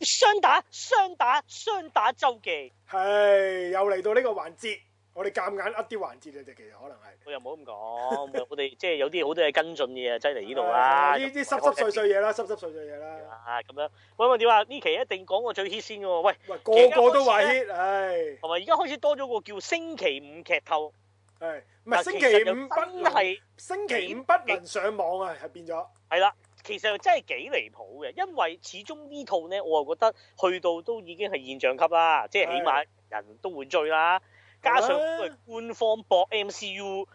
雙打，雙打，雙打周記，係又嚟到呢個環節，我哋夾硬呃啲環節你哋其實可能係， 我、哎、又唔好咁講，我哋即係有啲好多嘢跟進嘅嘢，擠嚟呢度啦，呢啲濕濕碎碎嘢啦，濕濕碎碎嘢啦，咁樣，喂我點啊？呢期一定講個最 hit 先噶喎。喂，個個都話 hit 係同埋而家開始多咗個叫星期五劇透，係，唔係星期五真係星期五不能上網啊，係變咗，係啦。其實真係幾離譜嘅，因為始終呢套呢，我又覺得去到都已經係現象級啦，即係起碼人都會追啦。加上官方博 MCU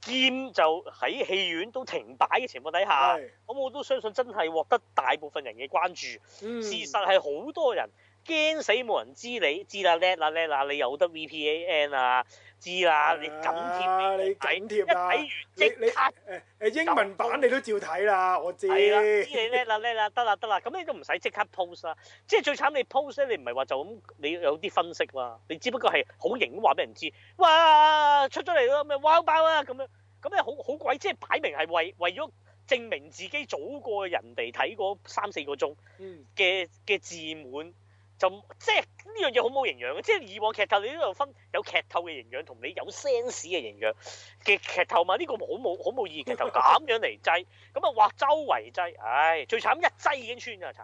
兼就喺戲院都停擺嘅情況底下，咁我都相信真係獲得大部分人嘅關注。事實係好多人。驚死！冇人知你知啦，叻啦叻啦，你有得 VPN 啊？知啦、啊，你緊貼你緊貼一睇完英文版你都照睇啦，我知、嗯、知你叻啦叻啦，得啦得啦，咁你都唔使即刻 post 啦。即係最慘，你 post 咧，你唔係話就咁，你有啲分析嘛？你只不過係好型，話俾人知哇出咗嚟咯，咩哇爆啦咁樣咁咧，好好鬼、啊，即係擺明係為為咗證明自己早過人哋睇過三四個鐘嘅嘅自滿。就即係呢樣嘢好冇營養嘅，即係以往劇透你都有分有劇透嘅營養同你有 sense 嘅營養嘅劇透嘛？呢個好冇好冇意義嘅劇透咁樣嚟擠，咁啊哇周圍擠，唉、哎、最慘一擠已經穿咗，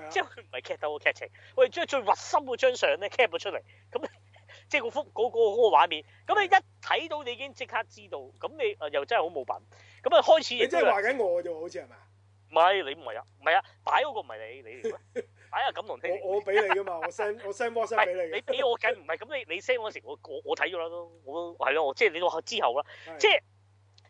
慘！ 即係佢唔係劇透嘅劇情，喂，即係最核心嗰張相咧 cap 咗出嚟，咁即係個幅嗰個嗰個畫面，咁你一睇到你已經即刻知道，咁你又真係好冇品，咁啊開始亦即係話緊我就好似係咪？唔係你唔係啊，唔係啊，擺嗰個唔係你你。你 哎呀，咁同我我俾你噶嘛。 我 send 我 send WhatsApp 俾你，你俾我計唔係咁，你我 唔係你 send 嗰時，我我我睇咗啦都，我都係咯，即係你話之後啦，即係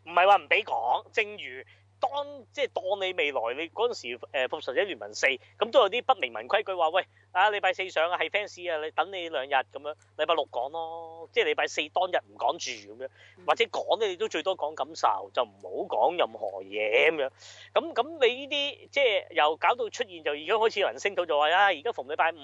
唔係話唔俾講，正如。當即係當你未來你嗰陣時，誒、呃《復仇者聯盟四》咁都有啲不明文規矩話，喂，啊禮拜四上啊係 fans 啊，你等你兩日咁樣，禮拜六講咯，即係禮拜四當日唔講住咁樣，或者講咧你都最多講感受，就唔好講任何嘢咁樣。咁咁你呢啲即係由搞到出現就已經開始有人升到就話啊，哎，而家逢禮拜五。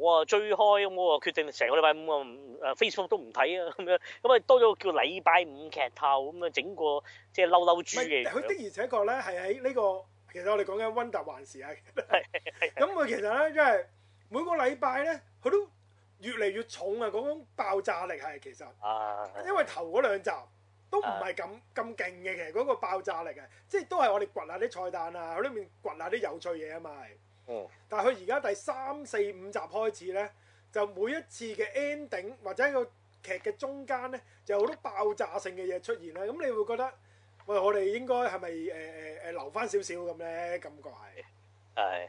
哇，最我追開咁喎，決定成個禮拜五啊誒 Facebook 都唔睇啊咁樣，咁啊多咗個叫禮拜五劇透咁，啊整個即係嬲嬲豬嘅。佢的而且確咧係喺呢個，其實我哋講緊溫達幻視啊。係咁佢其實咧，因為每個禮拜咧，佢都越嚟越重啊，嗰種爆炸力係其實。啊。因為頭嗰兩集都唔係咁咁勁嘅，其實嗰個爆炸力嘅，即係都係我哋掘下啲菜單啊，裏面掘下啲有趣嘢啊嘛嗯、但係佢而家第三四五集開始咧，就每一次嘅 ending 或者一個劇嘅中間咧，就有好多爆炸性嘅嘢出現啦，咁你會覺得，喂，我哋應該係咪誒誒誒留翻少少咁咧？感覺係係。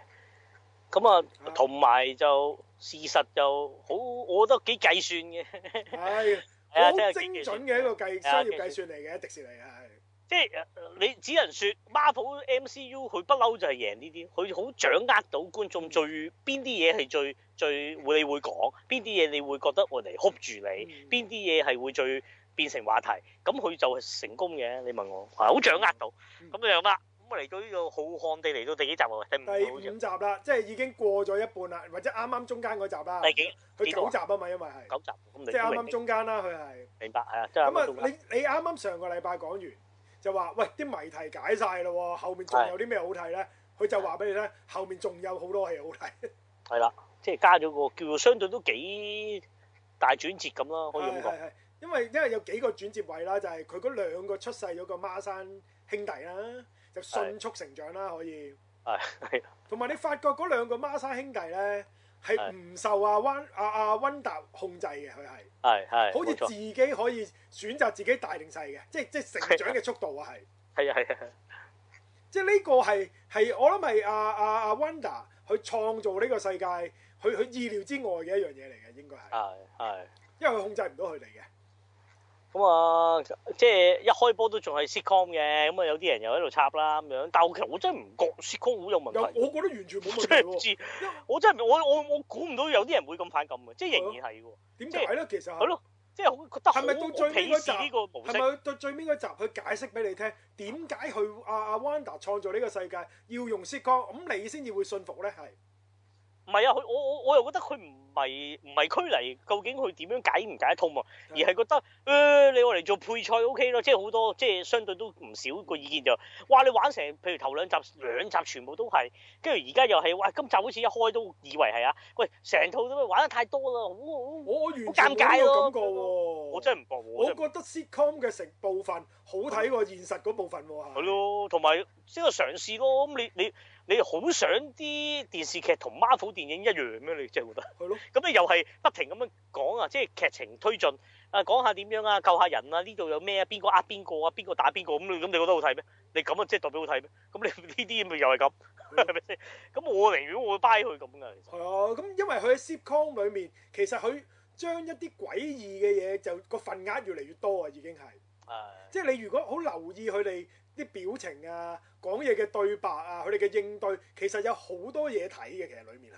咁、哎、啊，同埋就事實就好，我覺得幾計算嘅。係。好 精準嘅一個計，商業計算嚟嘅迪士尼啊。即係你只能說 Marvel MCU，佢不嬲就係贏呢啲。佢好掌握到觀眾最邊啲嘢係最最你會講，邊啲嘢你會覺得我嚟 hold 住你，邊啲嘢係會最變成話題。咁佢就係成功嘅。你問我係好掌握到咁、嗯、樣啦。咁我嚟到呢個好漢地嚟到第幾集啊？第五集啦，即係已經過咗一半啦，或者啱啱中間嗰集啦。第幾佢九集啊嘛？因為係九集，即係啱啱中間啦。佢係明白係啊，即、係咁、你你啱啱上個禮拜講完，就話喂，啲謎題解晒咯，後面仲有啲咩好睇呢？佢就話俾你聽，後面仲有好多戲好睇。係啦，即係加咗個叫做相對都幾大轉折咁啦，可以咁講。係係係，因為因為有幾個轉折位啦，就係佢嗰兩個出世咗個孖生兄弟啦，就迅速成長啦，可以。係係。同埋你發覺嗰兩個孖生兄弟呢。係唔受阿溫阿阿溫達控制嘅，佢係，係係，好似自己可以選擇自己大定細嘅，即即成長嘅速度係係啊，係，係啊係啊，即呢個係係我諗係阿阿阿溫達去創造呢個世界，佢佢意料之外嘅一樣嘢嚟嘅，應該係，係，因為佢控制唔到佢嚟嘅。咁啊，即係一開波都仲係 sitcom 嘅，咁啊有啲人又喺度插啦咁樣。但係其實我真係唔覺 sitcom 好有問題。我覺得完全冇問題，我真係我我我估唔到有啲人會咁反感嘅，即係仍然係嘅。點解咧？其實係咯，即係好覺得好鄙視呢個模式。係咪到最尾嗰集？係咪到最尾嗰集去解釋俾你聽？點解佢阿阿 Wanda 創造呢個世界要用 sitcom？咁你先至會信服咧？係唔係啊？佢我我我又覺得佢唔。咪唔係拘泥，究竟佢點樣解唔解得通啊？是而係覺得誒、呃，你我嚟做配菜 O K 咯，即係好多，即係相對都唔少個意見就話、是、你玩成，譬如頭兩集兩集全部都係，跟住而家又係，哇！今集好似一開都以為係啊，喂，成套咁樣玩得太多啦，好，我完全冇嗰個感覺喎，好尷尬、啊，我真係唔覺喎，我覺得 sitcom 嘅成部分好睇過現實嗰部分喎、啊，係。係咯，同埋即係嘗試咯。咁你你你好想啲電視劇同 Marvel 電影一樣咩、啊？你即係覺得？咁你又係不停咁樣講啊，即係劇情推進，啊講下點樣啊，救下人啊，呢度有咩啊，邊個呃邊個啊，邊個打邊個咁，咁、嗯、你覺得好睇咩？你咁啊，即係代表好睇咩？咁你呢啲咪又係咁，咁、嗯、 我寧願我會 buy 佢咁噶。係啊，咁、啊、因為佢喺 sitcom 裏面，其實佢將一啲詭異嘅嘢就個份額越嚟越多啊，已經係。啊。即、就、係、是、你如果好留意佢哋啲表情啊、講嘢嘅對白啊、佢哋嘅應對，其實有好多嘢睇嘅，其實裏面係。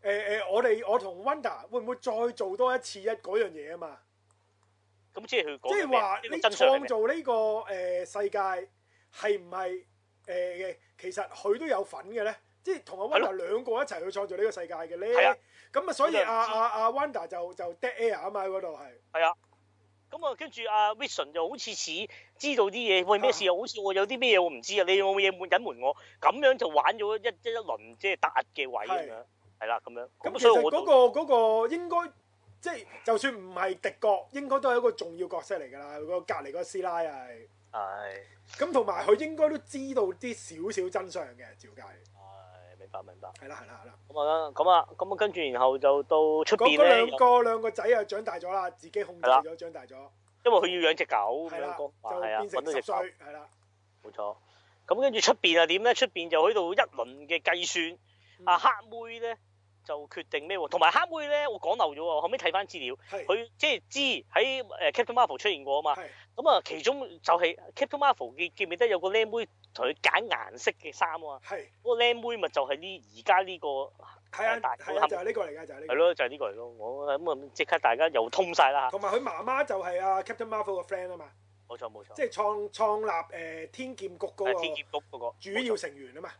誒、呃、誒，我哋我同 Wanda 會唔會再做多一次一嗰樣嘢啊？嘛，咁即係佢講即係話你創造呢、這個誒、呃、世界係唔係誒？其實佢都有份嘅咧，即係同阿 Wanda 兩個一齊去創造呢個世界嘅咧。係啊，咁啊，所以阿阿阿 Wanda 就就 dead air 啊嘛，嗰度係係啊，咁啊，跟住阿 Vision 就好似似知道啲嘢，喂，咩事啊？好似我有啲咩嘢我唔知啊，你有冇嘢隱瞞我？咁樣就玩咗一一輪即係達嘅位咁樣。係啦，咁樣咁其實嗰個嗰、嗰個、嗰個、應該即係，就算唔係敵國，應該都係一個重要角色嚟噶啦。嗰個隔籬個師奶係，係咁同埋佢應該都知道啲少少真相嘅，照計，係明白明白。係啦係啦係啦。咁啊咁啊咁啊，跟住然後就到出邊咧。個兩個仔啊長大咗啦，自己控制咗長大咗。因為佢要養隻狗、啊、就變成十歲，係啦，冇錯。咁跟住出邊啊點咧？出邊就喺度一輪嘅計算、嗯。啊，黑妹咧。就決定咩喎？同埋黑妹咧，我講漏咗喎。我後尾睇翻資料，佢即係知喺 Captain Marvel 出現過啊嘛。咁啊，其中就係 Captain Marvel 記記唔記得有個靚妹同佢揀顏色嘅衫、那個這個、啊？係、呃，嗰個靚妹咪就係呢而家呢個係啊，係就係呢個嚟㗎，就係、是、呢個咯，就係呢個嚟咯。我咁啊，即刻大家又通晒啦，同埋佢媽媽就係啊 Captain Marvel 嘅 friend 啊嘛。冇錯冇錯，即係、就是、創，創立、呃、天劍局嗰個天劍局嗰個、那個主要成員啊嘛。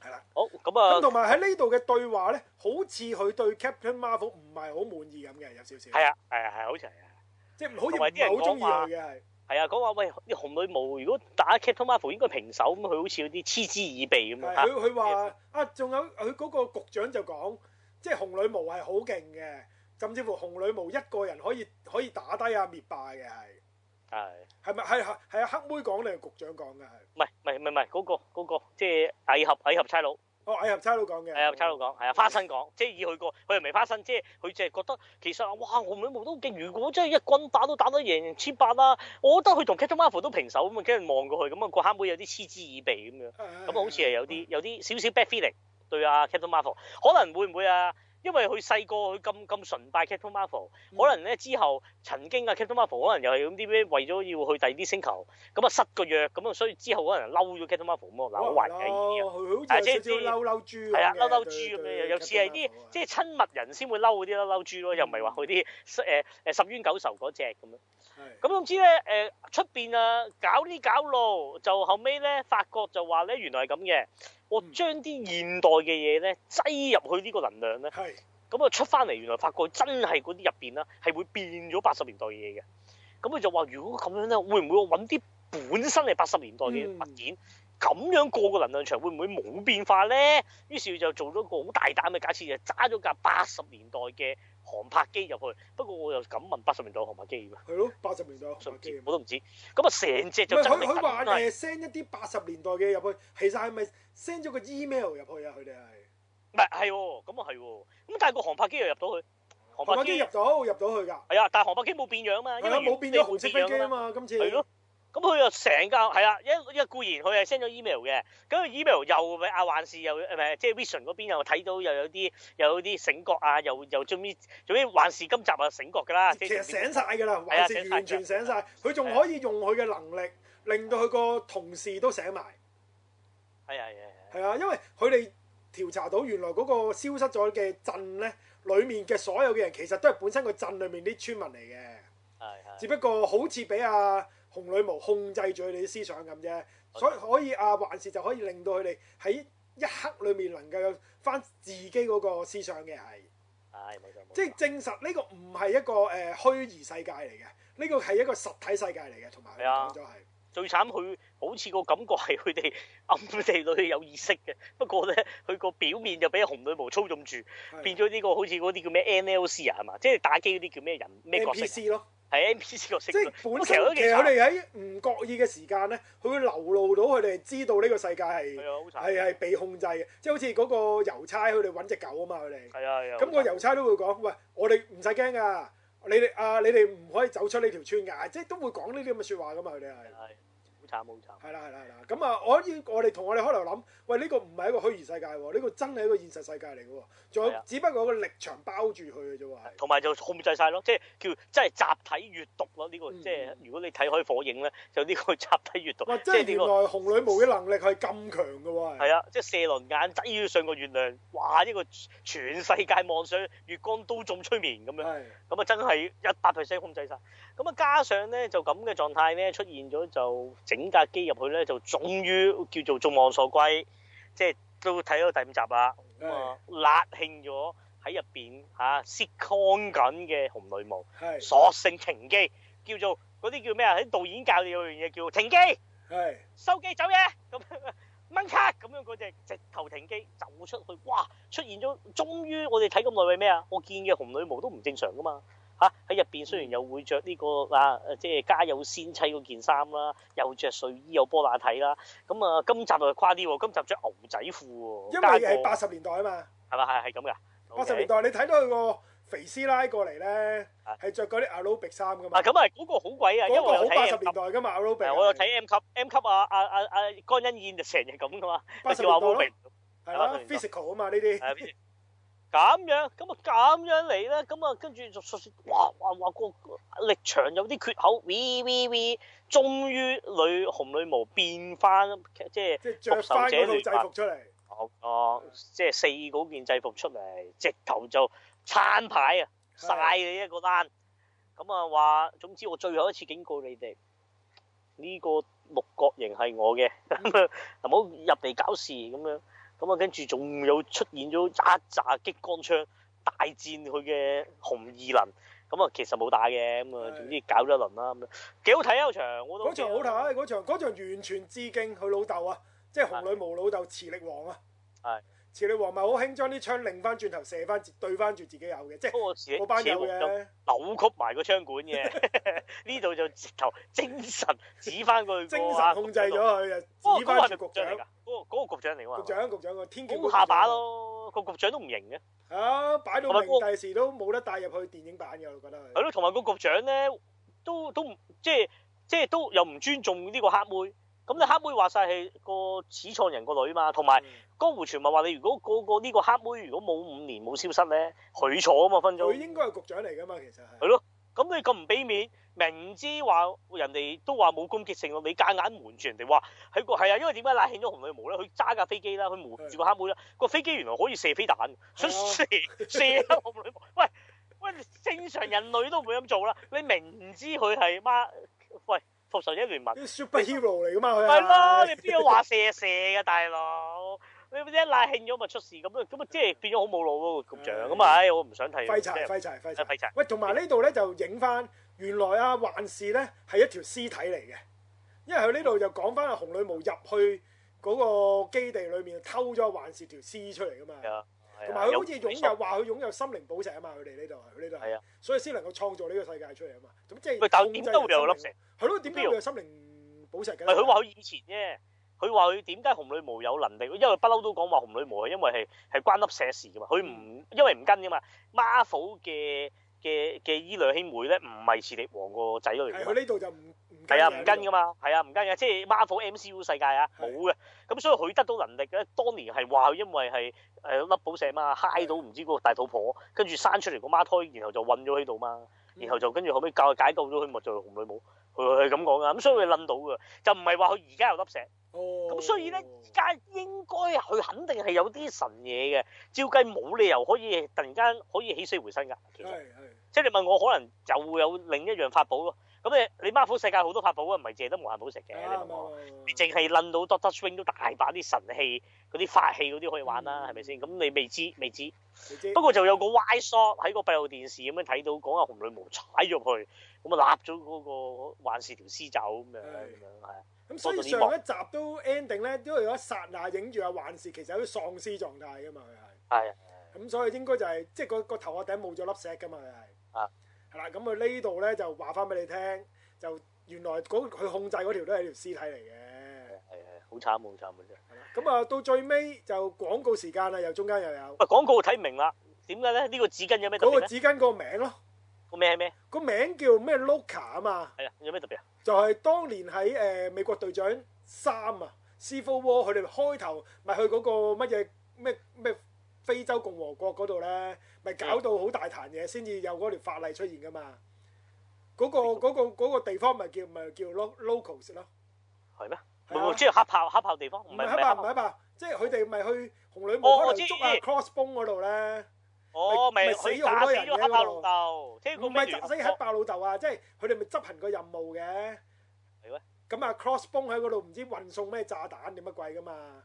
係啦、哦，啊，好咁啊，咁同埋喺呢度嘅對話咧，好似佢對 Captain Marvel 唔係好滿意咁嘅，有少少係啊，係啊，係好似係啊，即係好似啲人鍾意佢嘅係啊，講話，喂，紅女巫如果打 Captain Marvel 應該平手咁，佢好似有啲嗤之以鼻咁啊。佢佢話啊，仲有佢嗰個局長就講，即係紅女巫係好勁嘅，甚至乎紅女巫一個人可以可以打低啊滅霸嘅係。係，係咪係係啊？黑妹講定局長講嘅係？唔係唔係唔係，嗰、嗰個、嗰個即係矮俠矮俠差佬。哦，矮俠差佬講嘅，矮俠差佬講係啊，花生講，即係已去過，佢又未花生，即係佢淨係覺得其實哇，我每步都勁，如果真係一棍打都打得贏人千八啦，啊，我覺得佢同 Captain Marvel 都平手咁啊，跟住望過去咁啊，嗰個黑妹有啲嗤之以鼻咁樣，咁啊好似係有啲有啲少少 bad feeling 對啊 Captain Marvel，可能會唔會啊？因為佢細個佢咁咁崇拜 Captain Marvel，可能咧之後曾經啊 Captain Marvel 可能又係咁啲咩為咗要去第二啲星球，咁啊失個約咁啊，所以之後可能嬲咗 Captain Marvel 我懷疑壞嘅意思啊，係、即係、即係係嬲嬲豬啊，嬲嬲豬咁樣，有時係啲即係親密人先會嬲嗰啲嬲嬲豬咯，又唔係話佢啲十冤、呃、九仇嗰隻咁樣。咁、嗯、總之咧誒出面啊搞呢搞路，就後尾咧發覺就話咧原來係咁嘅。我將啲現代嘅嘢咧擠入去呢個能量咧，咁啊出翻嚟，原來發覺真係嗰啲入邊啦，係會變咗八十年代嘅嘢嘅。咁佢就話：如果咁樣咧，會唔會我揾啲本身係八十年代嘅物件，咁、嗯、樣過個能量場，會唔會冇變化咧？於是佢就做咗個好大膽嘅假設，就揸咗架八十年代嘅。航拍機入去，不過我又敢問八十年代航拍機啊？係咯，八十年代航拍機我都唔知。咁啊，成隻就真，佢佢話係 send 一啲八十年代嘅入去，其實係咪 send 咗個 email 入去啊？佢哋係唔係係？咁啊係，咁但係個航拍機又入到去，航拍機入到入到去㗎。係啊，但係航拍機冇變樣啊嘛，因為冇變咗紅色飛機啊嘛，今次係咯。咁佢又成教係啦，因因為固然佢係 send 咗 email 嘅，咁 email 又咪阿幻視又唔即係 vision 嗰邊又睇到又有啲有啲醒覺啊，又又最尾最尾幻視今集啊醒覺㗎啦。其實醒晒㗎啦，啊、完全醒晒。佢仲、啊啊、可以用佢嘅能力、啊、令到佢個同事都醒埋。係啊，係啊，係啊，啊，因為佢哋調查到原來嗰個消失咗嘅鎮咧，裡面嘅所有嘅人其實都係本身個鎮裏面啲村民嚟嘅。係、啊啊、只不過好似俾阿紅女巫控制住佢哋啲思想咁啫，所以可以啊，還是就可以令到佢哋喺一刻裏面能夠翻自己嗰個思想嘅係，係即係證實呢個唔係一個誒虛擬世界嚟嘅，呢個係一個實體世界嚟嘅，同埋講咗係最慘，佢好似個感覺係佢哋暗地裏有意識嘅，不過咧佢個表面就俾紅女巫操縱住，變咗呢個好似嗰啲叫咩 NLC 啊係嘛，即係打機嗰啲叫咩人咩角色、啊？NPC 咯。喺 NPC 即係本身其實佢哋喺唔覺意嘅時間咧，佢會流露到佢哋知道呢個世界係係係被控制嘅，即係好似嗰個郵差佢哋揾隻狗啊嘛，佢哋。係啊係啊。咁個郵差都會講，喂，我哋唔使驚㗎，你哋啊，你哋唔可以走出呢條村㗎，即係都會講呢啲咁嘅説話㗎嘛，佢哋係。係啦係啦係啦，咁啊，我依我哋同我哋開頭諗，喂，呢個唔係一個虛擬世界喎，呢個真係一個現實世界嚟喎，仲有只不過個力場包住佢嘅啫喎。同埋就控制晒咯，即係叫即係集體閱讀咯，呢個即係、嗯、如果你睇開火影咧，就呢個集體閱讀。即係原來紅女巫嘅能力係咁強嘅喎。係啊，即係射輪眼劑要上個月亮，哇！呢個全世界望上月光都仲催眠咁樣，咁啊真係一百 percent 控制晒。咁啊加上咧就咁嘅狀態咧出現咗就整整架機入去咧，就終於叫做眾望所歸，即係都睇到第五集啦、呃。啊，辣興咗喺入邊，嚇 sitcom 緊嘅紅女巫，索性停機，叫做嗰啲叫咩啊？啲導演教你有樣嘢叫停機，係收機走嘢，咁掹卡咁樣嗰隻直頭停機走出去。哇！出現咗，終於我哋睇咁耐為咩啊？我見嘅紅女巫都唔正常噶嘛。嚇喺入邊，雖然又會着呢個啊，即係家有仙妻嗰件衫啦，又着睡衣又波打體啦，咁啊今集就誇啲喎，今集着牛仔褲喎，因為係八十年代啊嘛，係嘛，係係咁噶，八十、okay. 年代你睇到佢個肥師奶過嚟咧，係着嗰啲阿魯碧衫噶嘛，咁啊嗰個好鬼啊，因為好八十年代噶嘛，阿魯碧，我又睇 M 級 M 級，M 級啊啊啊啊江欣燕就成日咁噶嘛，八十年代，係啦、啊啊、physical 啊嘛呢啲。咁樣，咁啊咁樣嚟啦，咁啊跟住就，就，就哇哇哇個力場有啲缺口，喂喂喂，終於女紅女模變翻，即係即復仇者聯盟出嚟，哦，即係、那個啊啊、四嗰件制服出嚟，直頭就餐牌啊，晒你一個單，咁啊話，總之我最後一次警告你哋，呢、呢個六角形係我嘅，唔好入嚟搞事咁樣。咁啊，跟住仲有出現咗一紮激光槍大戰佢嘅紅二輪，咁啊其實冇打嘅，咁啊總之搞咗一輪啦，咁樣幾好睇嗰場，啊，場，嗰場好睇，嗰場嗰場完全致敬佢老豆啊，即係紅女巫老豆磁力王啊，係。似你王咪好輕將啲槍擰翻轉頭射翻對翻住自己有嘅，即係嗰班有嘅扭曲埋個槍管嘅，呢 度就直頭精神指翻佢、嗰個，精神控制咗佢，指翻、哦啊啊啊嗰個嗰個局長。嚟個嗰個局長嚟㗎，局長局長個天公下把咯。個、啊、局長都唔型嘅。啊，擺到明第時都冇得帶入去電影版嘅，我覺得係。係咯，同埋個局長咧都都即係即係都又唔尊重呢個黑妹。咁你黑妹話晒係個始創人個女嘛？同埋江湖傳聞話你如果個個呢個黑妹如果冇五年冇消失咧，佢坐啊嘛分，分鐘佢應該係局長嚟噶嘛，其實係。係咯，咁你咁唔俾面，明知話人哋都話冇攻擊性，你夾硬瞞住人哋話係個係啊，因為點解拉欠咗紅女巫咧？佢揸架飛機啦，佢瞞住個黑妹啦，個飛機原來可以射飛彈，想射 射紅女巫，喂喂，正常人類都唔會咁做啦，你明知佢係媽，喂。復仇者聯盟，啲 superhero 嚟噶嘛佢係，係咯，是 你邊度話射射嘅大佬？你一拉興咗咪出事咁樣？咁啊即係變咗好冇腦㗎咁樣，咁啊唉，我唔想睇廢柴廢柴廢柴，喂，同埋、哎、呢度咧就影翻原來啊幻視咧係一條屍體嚟嘅，因為佢呢度就講翻阿紅女巫入去嗰個基地裏面偷咗幻視條屍出嚟㗎嘛。是同埋佢好似擁有話佢擁有心靈寶石啊嘛，佢哋呢度，佢呢度，所以先能夠創造呢個世界出嚟啊嘛。咁即係點都有粒石，係咯？點都要有心靈寶石嘅。唔，佢話佢以前啫，佢話佢點解紅女巫有能力？因為不嬲都講話紅女巫係因為係係關粒石事噶嘛。佢唔因為唔跟啊嘛。Marvel 嘅嘅嘅依兩兄妹咧，唔係磁力王個仔咯嚟嘅。佢呢度就唔。係啊，唔跟噶嘛，係啊，唔跟噶，即係 Marvel MCU 世界啊，冇嘅。咁、嗯、所以佢得到能力咧，當年係話因為係誒粒寶石嘛，嗨到唔知道個大肚婆，跟住生出嚟個孖胎，然後就混咗喺度嘛，然後就跟住、嗯、後尾教解救咗佢，咪就是，紅女巫。佢係咁講噶。咁、嗯、所以佢冧到嘅，就唔係話佢而家有粒石。哦。咁、嗯、所以咧，而家應該佢肯定係有啲神嘢嘅，照計冇理由可以突然間可以起死回生噶。其實。即係你問我，可能就會有另一樣法寶咯。咁誒，你 Marvel 世界好多法寶不是借得的啊，唔係淨係得無限寶石嘅，你明唔明？你淨係撚到 Doctor Strange 都大把啲神器、嗰啲法器嗰啲可以玩啦，係咪先？咁你未知未知，未知，不過就有個 Y shot 喺個閉路電視咁樣睇到，講下紅女巫踩咗佢，咁啊立咗嗰個幻視條屍走咁樣咁樣係。咁所以上一集都 ending 咧，都係嗰剎那影住阿幻視其實有啲喪屍狀態嘅嘛，佢係。咁所以應該就係、係、即係個個頭殼頂冇咗粒石嘅嘛，佢係。啊。係啦，咁佢呢度咧就話翻俾你聽，就原來佢控制嗰條都係條屍體嚟嘅。好慘好慘嘅。咁啊到最尾就廣告時間啦，又中間又有。喂廣告睇唔明啦，點解咧？呢、這個紙巾有咩特別嗰、那個紙巾個名咯，個名咩？個名叫咩？Loka 啊嘛。係啊，有咩特別啊？就係、是、當年喺誒、呃、美國隊長三啊，Civil War 佢哋開頭咪去嗰個乜嘢咩咩？非洲共和國嗰度咧，咪搞到好大壇嘢，先至有嗰條法例出現噶嘛？嗰個嗰個嗰個地方咪叫咪叫 loc locals 咯？係咩？唔唔，即係黑豹黑豹地方？唔係黑豹，唔係黑豹，即係佢哋咪去紅旅冇可能捉啊 crossbone 嗰度咧？我咪死咗好多人嘅嗰度，即係佢咪連死黑豹老豆啊！即係佢哋咪執行個任務嘅，係咩？咁啊，crossbone 喺嗰度唔知運送咩炸彈點乜鬼噶嘛？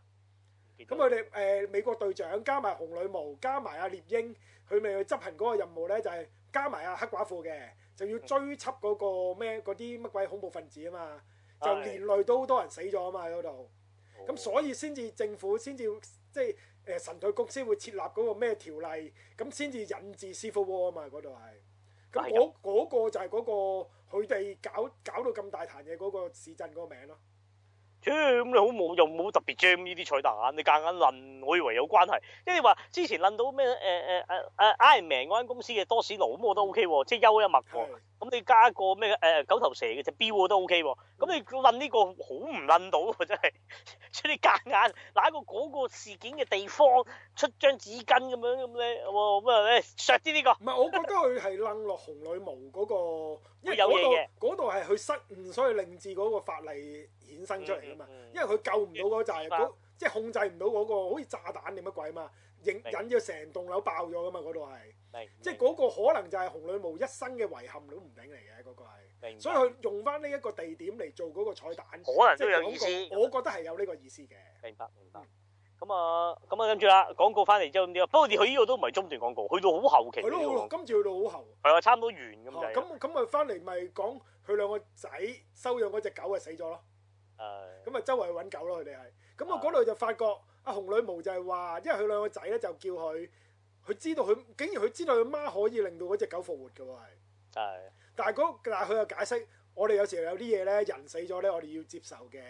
咁佢哋誒美國隊長加埋紅女巫加埋阿獵鷹，佢咪去執行嗰個任務咧？就係、是、加埋阿黑寡婦嘅，就要追緝嗰個咩嗰啲乜鬼恐怖分子啊嘛，就連累都好多人死咗啊嘛嗰度，咁所以先至政府先至即係誒神盾局先會設立嗰個咩條例，咁先至引致 Civil War 啊嘛嗰度係，咁嗰、那個就係嗰、那個佢哋搞搞到咁大壇嘢嗰個市鎮嗰個名咯。咁 你好冇又冇特別 jam 呢啲彩蛋，你隔硬諗，我以為有關係，即係你話之前諗到咩誒誒誒誒 Iron Man 嗰間公司嘅多士爐，咁我都 O K 喎，即係優一脈 咁你加個咩誒九頭蛇嘅隻標都 OK 喎，咁你揾呢、這個好唔揾到喎，真係出啲假眼，揦個嗰個事件嘅地方出張紙巾咁樣咁咧，喎咁啊，削啲、這、呢個。唔係，我覺得佢係掟落紅女巫嗰、那個， 因為嗰嘢。嗰度係佢失誤，所以令至嗰個法例衍生出嚟噶嘛，嗯嗯嗯因為佢救唔到嗰陣，即係控制唔到嗰個好似炸彈點乜鬼啊嘛，引引咗成棟樓爆咗噶嘛，嗰度係。即係嗰個可能就係紅女巫一生嘅遺憾都唔定嚟嘅，嗰個係。明。所以佢用翻呢一個地點嚟做嗰個彩蛋，即係廣告。我覺得係有呢個意思嘅。明白明白。咁啊，咁啊，跟住啦，廣告翻嚟之後咁啲，不過佢呢個都唔係中段廣告，去到好後期。去到今次去到好後。係啊，差唔多完咁就。咁咁啊，翻嚟咪講佢兩個仔收養嗰隻狗啊死咗咯。誒。咁啊，周圍揾狗咯，佢哋係。咁啊，嗰度就發覺阿紅女巫就係話，因為佢兩個仔咧就叫佢。佢知道佢竟然佢知道佢媽可以令到嗰隻狗復活嘅喎，係，但係但係佢又解釋，我哋有時候有啲嘢咧，人死咗咧，我哋要接受嘅，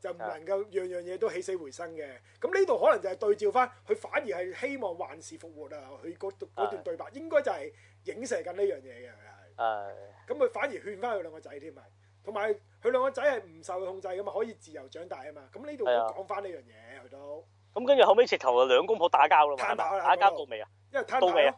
就唔能夠樣樣嘢都起死回生嘅。咁呢度可能就係對照翻，佢反而係希望幻視復活啊！佢嗰段對白應該就係影射緊呢樣嘢嘅，係。咁佢反而勸翻佢兩個仔添啊，同埋佢兩個仔係唔受佢控制㗎嘛，可以自由長大啊嘛。咁呢度都講翻呢樣嘢，佢都。咁跟住後尾直頭啊，兩公婆打交啦嘛，係咪？打交到未啊？到未啊？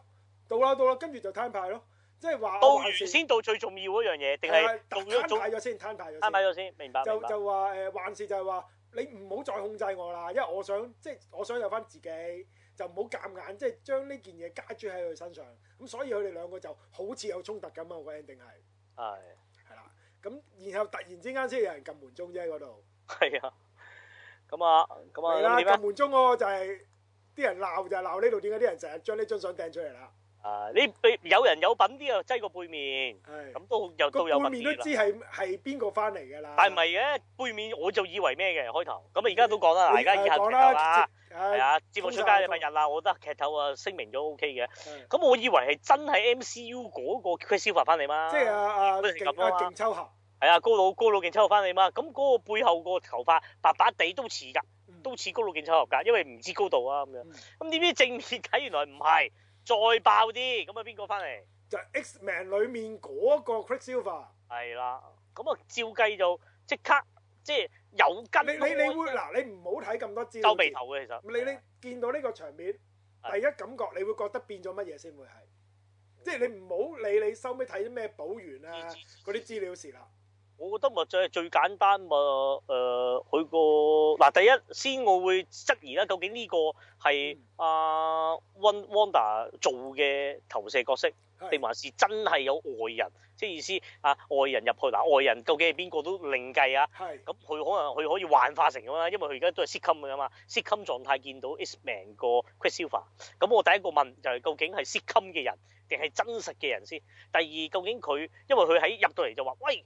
到啦到啦，跟住就攤牌咯，即係話。到完先、就是、到，到最重要嗰樣嘢，定係？攤牌咗先，攤牌咗先，攤牌咗先，先，先，明白？就白就話誒，還是就係話你唔好再控制我啦，因為我想即係、就是、我想有返自己，就唔好夾硬，即、就、係、是、將呢件嘢加諸喺佢身上。咁所以佢哋兩個就好似有衝突咁啊，我覺得定係。係。係啦。咁然後突然之間先有人撳門鐘啫，喺嗰度。係啊。咁啊，咁啊，係啦、啊，及門中喎、啊、就係、是、啲人鬧就鬧呢度，點解啲人成日將呢張相掟出嚟啦？誒、啊，你有人有品啲啊，擠個背面，咁、啊、都又都有品啲背面都知係係邊個翻嚟噶啦？但係唔係嘅，背面我就以為咩嘅開頭，咁啊而家都講啦，大家以後都啦吓，係啊，節目、啊啊、出街你咪日啦。我覺得劇透啊聲明咗 OK 嘅，咁、啊、我以為係真係 MCU 嗰、那個 Chris Evans 翻嚟嘛，即係啊啊，啊勁、啊、秋係啊，高佬高佬勁抽翻嚟嘛，咁嗰個背後個頭髮白白地都似噶，都似高佬勁抽合噶，因為唔知高度啊咁樣。咁點知正面睇，原來唔係，再爆啲，咁啊邊個翻嚟？就 Xman 裏面嗰個 Quicksilver。係啦，咁啊照計就即刻即有跟。你你你會嗱，你唔好睇咁多資料。收鼻頭嘅其實。你你見到呢個場面，第一感覺你會覺得變咗乜嘢先會係？即係你唔好理你收尾睇啲咩補完啊，嗰啲資料事啦。我覺得咪就係最簡單，咪誒佢個嗱第一先，我會質疑啦。究竟呢個係阿 Wanda 做嘅投射角色，定還是真係有外人？即係意思是啊，外人入去嗱，外人究竟係邊個都另計啊。咁佢可能佢可以幻化成咁啦，因為佢而家都係 sitcom 㗎嘛。sitcom 狀態見到 X-Man 個 Chris Silver，咁我第一個問就係、是、究竟係 sitcom 嘅人定係真實嘅人先？第二，究竟佢因為佢喺入到嚟就話喂。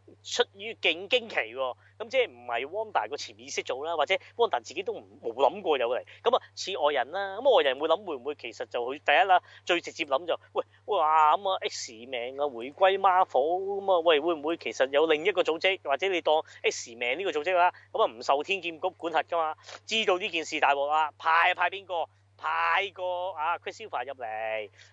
出於勁驚奇喎，咁即係唔係汪達個潛意識做啦，或者汪達自己都唔冇諗過有嚟，咁啊似外人啦，咁外人會諗會唔會其實就佢第一啦，最直接諗就喂，哇咁啊 X 命啊回歸 Marvel 咁啊，喂會唔會其實有另一個組織，或者你當 X 命呢個組織啦，咁啊唔受天劍局管轄噶嘛，知道呢件事大鑊啦，派、啊、派邊個？派個啊 c h r i s t o p h 入嚟，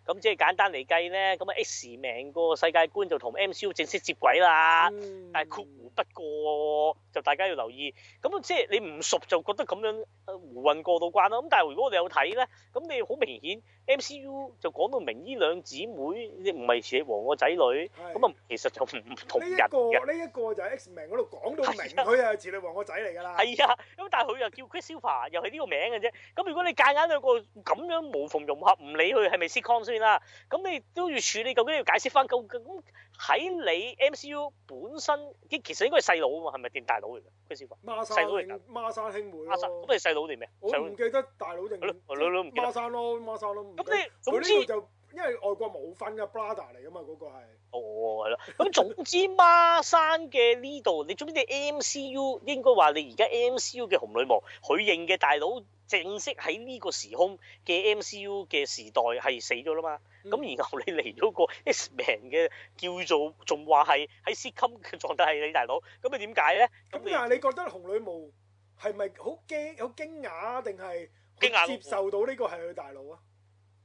咁即係簡單嚟計咧，咁啊 X 名個世界觀就同 MCU 正式接軌啦、嗯。但係不過就大家要留意，咁即係你唔熟就覺得咁樣、啊、胡混過到關啦。咁但係如果我哋有睇咧，咁你好明顯 MCU 就講到明呢兩姊妹，你唔係慈禧皇個仔女，咁啊其實就唔同人的。呢、這、一個呢一、這個就係 X 名嗰度講到明他，佢係慈禧皇個仔嚟㗎啦。係啊，咁但係佢 又叫 c h r i s t o p h 又係呢個名嘅啫。咁如果你夾硬兩個。咁樣無縫融合，唔理佢係咪 sitcom 先啦、啊。咁你都要處理，究竟要解釋翻，究竟喺你 MCU 本身，其實應該係細佬啊嘛，係咪掂大佬嚟嘅？佢先發，細佬嚟噶，孖生兄妹咯。咁你細佬定咩？我唔記得大佬定。我我我我唔記得。生、嗯、咯，孖生咯，唔記得。佢、嗯、就。因為外國冇分嘅 brother 嚟噶嘛，嗰個係。哦，係咯。咁總之孖生嘅呢度，你總之你 MCU 應該話你而家 MCU 嘅紅女巫，許認嘅大佬正式喺呢個時空嘅 MCU 嘅時代係死咗啦嘛。咁、嗯、然後你嚟咗個 Xman 嘅叫做，仲話係喺 sitcom 嘅狀態係你大佬，咁你點解咧？咁但係你覺得紅女巫係咪好驚、好驚訝，定係驚接受到呢個係佢大佬啊？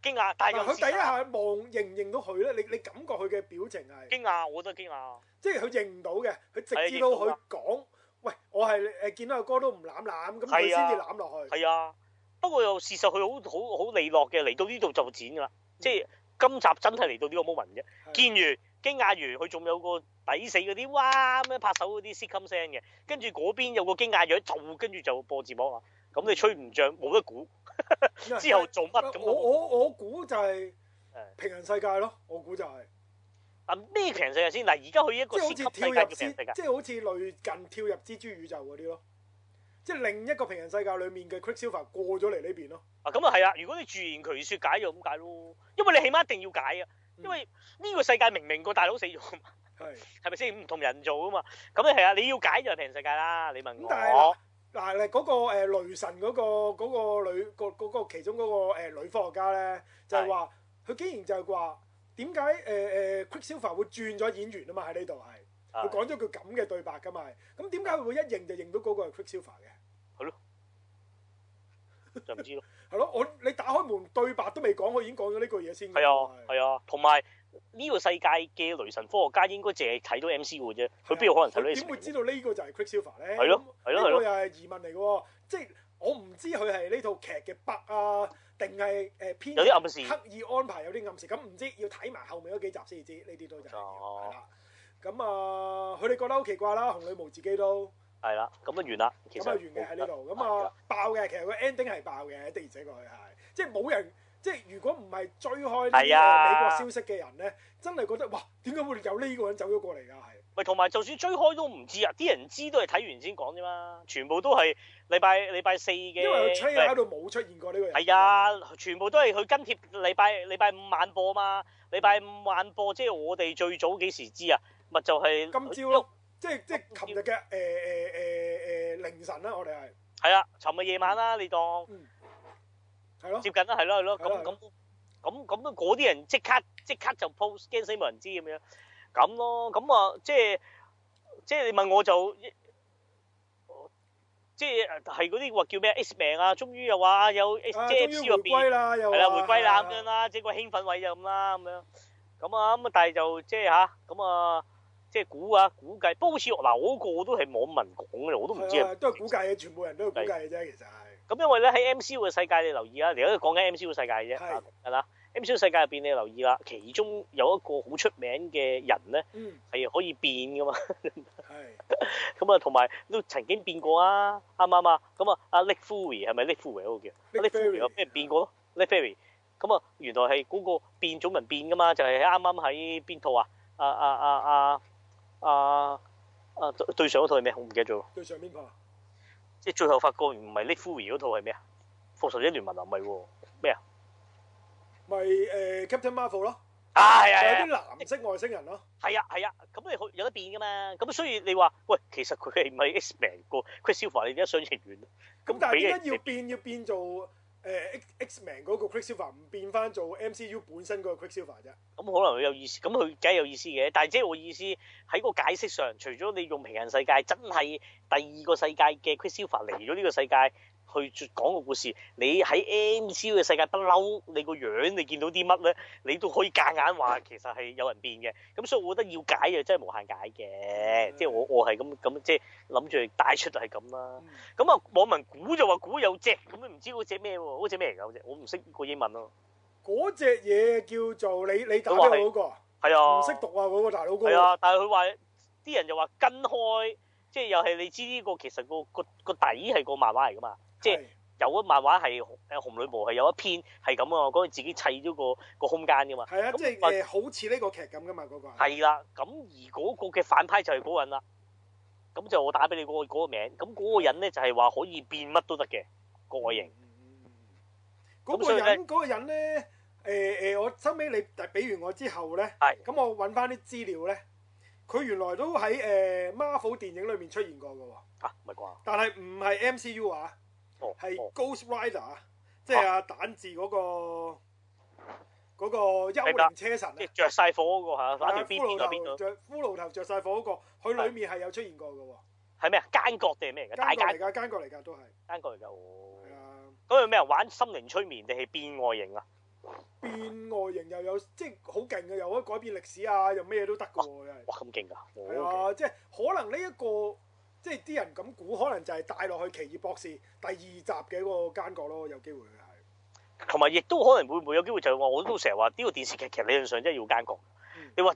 驚訝，但佢第一下望認唔認到佢咧？你你感覺佢嘅表情係？驚訝，我都係驚訝。即係佢認唔到嘅，佢直至到佢講，喂，我係誒見到阿哥都唔攬攬，咁佢先至攬落去。係啊，不過又事實佢好好好利落嘅，嚟到呢度就剪噶啦。即係今集真係嚟到呢個 moment 啫，啊，見完驚訝完，佢仲有個抵死嗰啲，哇咩拍手嗰啲 sitcom scene 嘅，跟住嗰邊有個驚訝樣，就跟住就播字幕啊。咁你吹唔漲，冇得估。 之後做乜咁？我我我估就係平行世界咯，我估就係、是、啊咩平行世界先？嗱，而家佢一個先跳入先，即係好似類近跳入蜘蛛宇宙嗰啲咯，即、就、係、是、另一個平行世界裏面嘅 Quick Silver 過咗嚟呢邊咯。啊，咁啊係啊，如果你自言佢說解咗，咁解咯，因為你起碼一定要解啊、嗯，因為呢個世界明明個大佬死咗嘛，係係咪先唔同人做啊嘛？咁你係啊，你要解就係平行世界啦，你問我。嗱，嗱嗰個雷神嗰、嗰個嗰個女、嗰個嗰其中嗰個女科學家咧，就係話佢竟然就係話點解誒誒 QuickSilver 會轉咗演員啊嘛，喺呢度係，佢講咗句咁嘅對白噶嘛，咁點解佢會一認就認到嗰個係 QuickSilver 嘅？係咯，就唔知咯。係咯，我你打開門對白都未講，我已經講咗呢句嘢先。係啊，係啊，同埋。呢、這個世界嘅雷神科學家應該淨係睇到 MC 嘅啫，佢邊度可能睇到呢？點、啊、會知道呢個就係 QuickSilver 咧？係咯，係咯，係咯，又係疑問嚟嘅，即係我唔知佢係呢套劇嘅 bug 啊，定係誒編有啲暗示，刻意安排有啲暗示，咁唔知要睇埋後面嗰幾集先至知呢啲都就係啦。咁啊，佢哋、呃、覺得好奇怪啦，紅女巫自己都係啦，咁就完啦。咁就完嘅喺呢度，咁啊爆嘅，其實佢 ending 係爆嘅，的而且確係，即係冇人。即係如果唔係追開呢個美國消息嘅人咧、啊，真係覺得哇，點解會有呢個人走咗過嚟㗎？係喂，同埋就算追開都唔知啊，啲人知都係睇完先講啫嘛。全部都係禮拜禮拜四嘅，因為佢吹喺度冇出現過呢個人。係啊，全部都係佢跟貼禮拜禮拜五晚播啊嘛。禮拜五晚播，即、就、係、是、我哋最早幾時知、就是呃呃呃呃、啊？咪就係今朝咯，即係即係琴日嘅誒誒誒誒凌晨啦，我哋係係啊，尋日夜晚啦、啊，你當。嗯接近啦，係咯，係咯，咁咁咁咁都嗰啲人即刻即刻就 post 驚死冇人知咁樣，咁咯，咁啊，即係即係你問我就，即係係嗰啲話叫咩 X Men 啊，終於又話有 X 即係 MCU 嗰、啊、邊，係啊，回歸啦咁、啊、樣啦、啊啊，即個興奮位就咁啦咁樣、啊，咁啊咁啊，但係就即係吓，咁啊即係估啊估計，不過好似嗱，嗰、啊、個都係網民講嘅，我都唔知道。是啊。都係估計嘅，全部人都係估計啫、啊，其實。咁因為咧喺 MC 嘅世界，你留意啊，而家都講緊 MC 嘅世界啫，係啦。MC 嘅世界入邊，你留意啦，其中有一個好出名嘅人咧，係、嗯、可以變噶嘛。係。咁 啊，同埋都曾經變過啊，啱唔啱啊？咁啊，阿 Nick Fury 係咪 Nick Fury 嗰個叫？Nick Fury 又咩人變過咯，Nick Fury。咁啊，原來係嗰個變種人變噶嘛，就係啱啱喺邊套啊？啊啊啊啊阿啊，啊，啊對，對上嗰套係咩？我唔記得咗。對上邊套。即係最後發覺唔係《匿 r y 嗰套係咩啊？《復仇者聯盟》啊，唔係喎？咩、就、啊、是？咪、呃、誒 Captain Marvel 咯？啊，係啊，有啲藍色外星人咯。係啊係啊，咁你、啊啊、有得變噶嘛？咁所以你話喂，其實佢係咪 X Men 個你超凡嘅雙情軟。咁但係點解要變要變,要變做？誒、呃、X X Man 嗰個 Quick Silver 唔變翻做 MCU 本身嗰個 Quick Silver 啫，咁可能會有意思，咁佢梗係有意思嘅，但係即係我意思喺個解釋上，除咗你用平行世界，真係第二個世界嘅 Quick Silver 嚟咗呢個世界。去講個故事，你喺 M C U 嘅世界不嬲，你個樣你見到啲乜咧？你都可以夾硬話其實係有人變嘅。咁所以我覺得要解嘅真係無限解嘅、嗯，即係我我係咁咁即係諗住帶出係咁啦。咁、嗯、啊網民估就話估有隻咁，唔知嗰隻咩喎？嗰隻咩嚟㗎？嗰隻我唔識個英文咯、啊。嗰隻嘢叫做你，你大爹佬係啊唔識讀啊嗰個大佬。哥。係啊、嗰個、啊，但係佢話啲人就話跟開，即係又係你知呢、呢個其實個個個底係個漫畫嚟㗎嘛。啊、即係有個漫畫係誒紅,紅女巫係有一篇係咁啊，嗰個自己砌咗個個空間噶嘛。係啊，即係好似呢個劇咁噶嘛，嗰個係啦。咁而嗰個嘅反派就係嗰個人啦。咁就我打俾你嗰、嗰個嗰個名，咁嗰個人咧就係、係、話可以變乜都得嘅個外形。嗰、嗯嗯嗰個人嗰、嗰個、人咧誒誒，我收尾你俾完我之後咧，咁、啊、我揾翻啲資料咧，佢原來都喺誒、呃、Marvel 電影裏面出現過噶。啊，唔係啩？但係唔係 MCU 啊？係 Ghost Rider。哦哦是那個啊，那個，啊，即係阿蛋字嗰個嗰個幽靈車神，即係着晒火嗰個吓，反邊邊骷髏頭着骷髏頭着晒火嗰個，佢，那個，裏面係有出現過嘅。係咩啊？奸角定係咩嚟噶？奸角嚟噶，奸角嚟噶都係。奸角嚟噶哦。啊！咁有咩？玩心靈催眠定係變外形啊？變外形又有，啊、即係好勁嘅，又可以改變歷史啊，又咩都得嘅。哇咁勁噶！係啊，即係可能呢一個。即係啲人咁估，可能就係帶落去《奇異博士》第二集嘅嗰個奸角咯，有機會係同埋，亦都可能會唔會有機會就係我都成日話呢個電視劇其實理論上真係要奸角。嗯、你話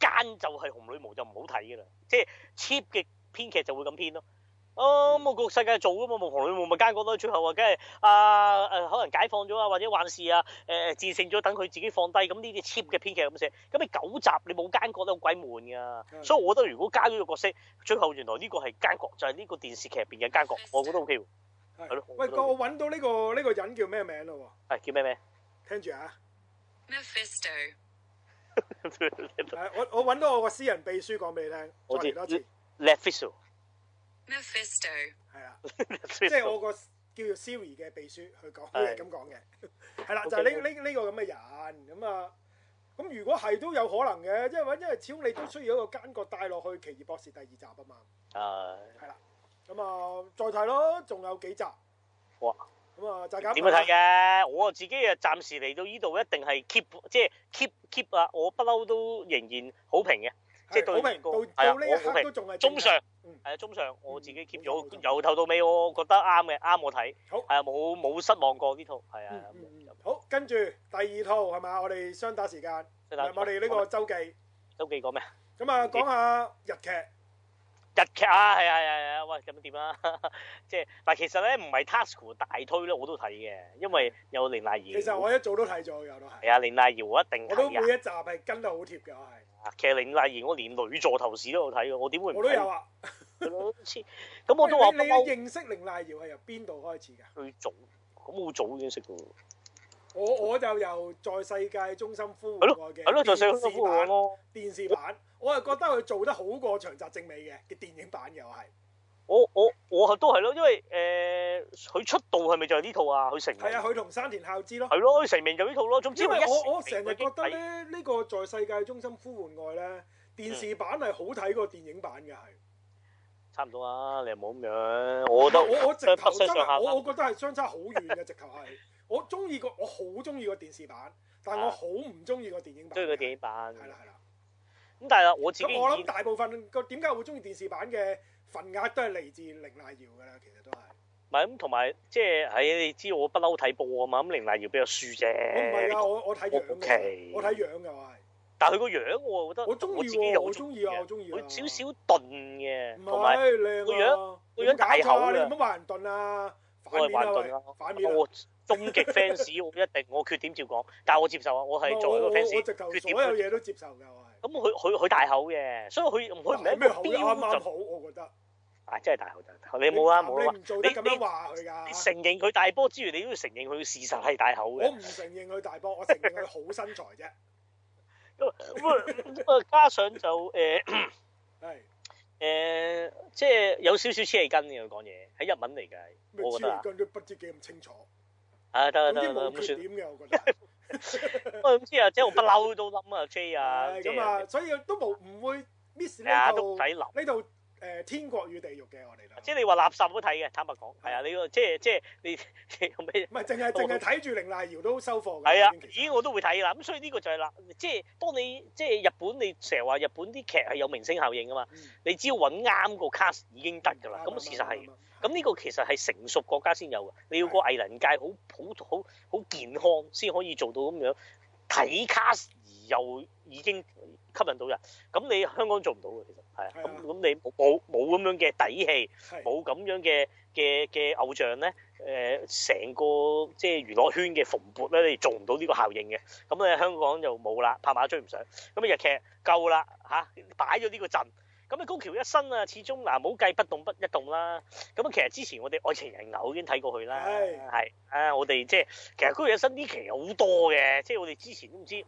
奸就係紅女巫就唔好睇㗎啦，即係 cheap 嘅編劇就會咁編咯、啊。哦，冇個世界做噶嘛，無狂亂無密奸角，到最後話梗係阿誒可能解放咗啊，或者幻視啊，誒戰勝咗，等佢自己放低，咁呢啲 cheap 嘅編劇咁寫，咁你九集你冇奸角得好鬼悶噶，悶所以我覺得如果加咗個角色，最後原來呢個係奸角，就係、是、呢個電視劇入邊嘅奸角。我覺得好 k 係咯，喂，我我搵到呢、這個呢、這個人叫咩名咯？係叫咩名？聽住啊 Mephisto 我我搵到我個私人秘書講俾你聽，我知。多次 Mephisto Mephisto 係啦，即係我個叫做 Siri 嘅秘書去講，佢係咁講嘅，係啦， okay，就呢呢呢個咁嘅人咁啊，咁、okay。如果係都有可能嘅，因為因為始終你都需要一個奸角帶落去奇異博士第二集啊嘛，係啦，咁啊再睇咯，仲有幾集，哇，咁啊大家點樣睇嘅？我自己啊暫時嚟到呢度一定係 keep，即係 keep keep 啊！我不嬲都仍然好評嘅。即係對呢個係都仲係中上，係、嗯、啊中上、嗯，我自己 keep 咗由頭到尾，我覺得啱嘅，啱我睇，係啊冇冇失望過呢套，係啊、嗯嗯。好，跟住第二套係咪？我哋雙打時間，我哋呢個周記，周記講咩？咁啊講下日劇，日劇啊係啊係啊係啊，喂有冇點啊？即係但其實咧唔係 Tasuku 大推咯，我都睇嘅，因為有綾瀨遙。其實我一早都睇咗，有都係。係啊，綾瀨遙我一定睇。我都每一集係跟得好貼嘅，我其實綾瀨遙，我連女座頭市都有睇嘅，我點會唔識？我都有啊。咁我都話，你，你認識綾瀨遙係由邊度開始㗎？去早，咁我早已經識嘅我我就由在世界中心呼喚嘅，係咯，在世界中心呼喚咯電，電視版，我係覺得佢做得好過長澤正美嘅嘅電影版又我係。我我我係都係咯，因為誒佢、呃、出道係咪就係呢套啊？佢成名係啊，佢同山田孝之咯。係咯、啊，佢成名就呢套咯。總之因為我我我成日覺得咧，呢、呢個在世界中心呼喚外咧，電視版係好睇過電影版嘅，係、嗯、差唔多啊，你唔好咁樣，我都 我我直頭我我覺得係相差好遠嘅，直頭係我中意個我好中意個電視版，但我好唔中意個電影版。中意個電影版。係啦係啦。咁但係啊，我自己咁我諗大部分個點解會中意電視版嘅？.份額都係嚟自凌麗瑤嘅啦，其實都係。唔係咁，同埋即係，你知我不嬲睇波啊嘛，咁凌麗瑤比較輸啫。我唔係啦，我我睇樣嘅、okay. 我睇樣又係。但佢個樣，我覺得，我中意、啊、我自己又中意啊，我中意啊。佢少少燉嘅，同埋靚個樣，個樣大口嘅。你唔好話人燉啊，啊，我係話燉反、啊、我，反、啊、我，我終極 fans， 我一定，我缺點照講，但係我接受啊，我係作為一個 fans，缺點我。我直頭所有嘢都接受㗎。咁佢佢佢大口嘅，所以佢佢唔一個標準，好，我覺得啊，真係大口真。你冇啊，冇你唔話佢噶。你承認佢大波之餘，你都要承認佢事實係大口嘅。我唔承認佢大波，我承認佢好身材啫。咁 啊加上就誒係即係有少少黐脷根嘅佢講嘢，係日文嚟嘅。黐脷根都不知幾咁清楚。 啊，得得得，冇缺點嘅，啊，我覺得。 我唔知啊，即係我不嬲都諗啊，J 啊，咁 啊，所以都冇唔會 miss 都抵度呢度誒，天國與地獄嘅我哋啦，即係你話垃圾都睇嘅，坦白講係啊，你個即係即係你唔係淨係淨係睇住綾瀨遙都收貨嘅，係啊，咦我都會睇啦，咁所以呢個就係啦，即係當你即係日本你成日話日本啲劇係有明星效應㗎嘛，你不只要搵啱個 cast 已經得噶啦，咁事實係。多多多多咁呢個其實係成熟國家先有嘅，你要個藝人界好普好好健康先可以做到咁樣，睇卡士又已經吸引到人。咁你香港做唔到嘅，其實係啊，咁咁你冇冇冇咁樣嘅底氣，冇咁樣嘅嘅嘅偶像咧，成、呃、個即係、就是、娛樂圈嘅蓬勃咧，你做唔到呢個效應嘅。咁咧香港就冇啦，拍馬追唔上。咁日劇夠啦、啊、擺咗呢個陣。咁啊，高橋一生啊，始終嗱冇計不動不一動啦。咁啊，其實之前我哋愛情人偶已經睇過佢啦。係係，我哋即係其實高橋一生呢期好多嘅，即係我哋之前都唔知，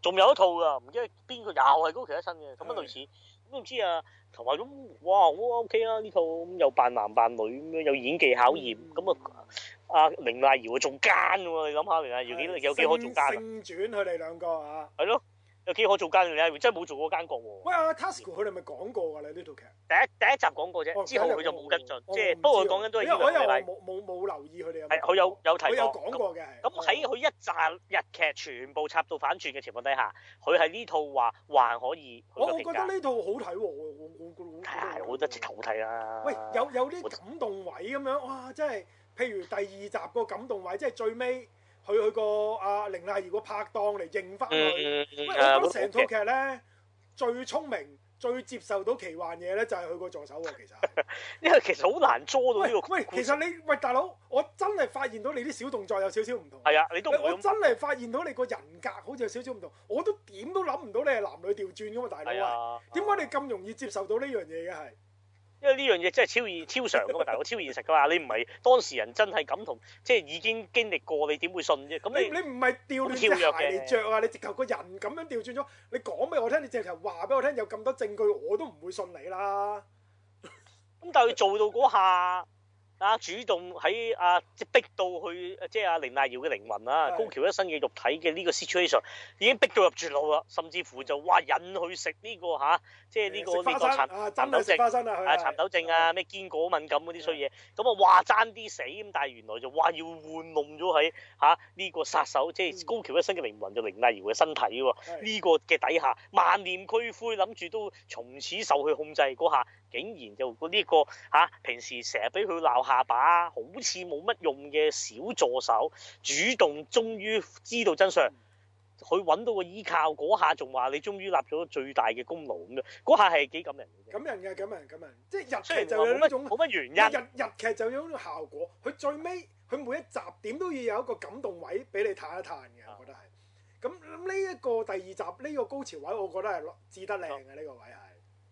仲有一套噶，唔知邊個又係高橋一生嘅，咁啊類似都唔知啊。同埋咁，哇，好 OK 啦，呢套咁又扮男扮女咁樣，又演技考驗，咁、嗯、啊，阿綾瀨遙啊做奸喎，你諗下綾瀨遙有幾可做奸啊？你想想啊你奸啊升升轉佢哋兩個啊。係咯。有幾可做監獄？真係冇做過監獄喎。喂，阿、啊、Tasuku 佢哋咪講過㗎？你呢套劇第一第一集講過啫、哦，之後佢就冇跟進。哦、即係不過佢講緊都係一、這個禮拜。因為我有冇冇冇留意佢哋有，有。係佢有有提到佢有講過嘅。咁喺佢一集日劇全部插到反轉嘅情況底下，佢係呢套話還可以我。我覺得呢套好睇喎、哦，我我，我，我覺得好、哦。得直頭好睇啦、啊。喂，有有啲感動位咁樣，哇！真係，譬如第二集個感動位，即係最尾。佢佢個阿玲娜如個拍檔嚟應翻佢，乜、嗯嗯嗯？我覺得成套劇咧、嗯 okay. 最聰明、最接受到奇幻嘢咧，就係佢個助手喎、啊。其實呢 因為其實好難捉到呢個。喂，喂其實你喂，大佬，我真係發現到你啲小動作有少少唔同。係啊，你都我真係發現到你個人格好似有少少唔同。我都點都諗唔到你係男女調轉噶嘛，大佬啊？點、哎、解你咁容易接受到呢樣嘢嘅係？係因為呢樣嘢真係超現超常㗎嘛，大佬超現實㗎嘛， 你唔係當事人真係咁同，即係已經經歷過，你點會信啫？咁你你唔係調轉啲鞋嚟著啊？ 你直頭個人咁樣調轉咗，你講俾我聽，你直頭話俾我聽有咁多證據，我都唔會信你啦。咁 但係佢做到嗰下。啊！主動喺啊，即係逼到去，即係阿凌大姚嘅靈魂啦、啊，高橋一生嘅肉體嘅呢個 situation 已經逼到入絕路啦，甚至乎就話引佢、呢個啊即係呢個、食呢、啊呢個嚇，即係呢個呢個蠶豆症啊，咩堅果敏感嗰啲衰嘢，咁啊話爭啲死咁，但係原來就話要玩弄咗喺嚇呢個殺手，即、就、係、是、高橋一生嘅靈魂，嗯、就凌大姚嘅身體喎、啊。呢、呢個嘅底下，萬念俱灰，諗住都從此受佢控制嗰下。竟然就呢、呢個吓、啊，平時成日俾佢鬧下巴，好似冇乜用嘅小助手，主動終於知道真相，佢、嗯、揾到個依靠，嗰下仲話你終於立咗最大嘅功勞咁嘅，嗰下係幾感人嘅。感人嘅，咁樣，咁樣！即係日劇就有呢種，冇乜原因。日日劇就有呢種效果。佢最尾，佢每一集點都要有一個感動位俾你嘆一嘆嘅，我、啊、覺得係。咁呢一個第二集呢、呢個高潮位，我覺得係攞得靚嘅呢個位啊。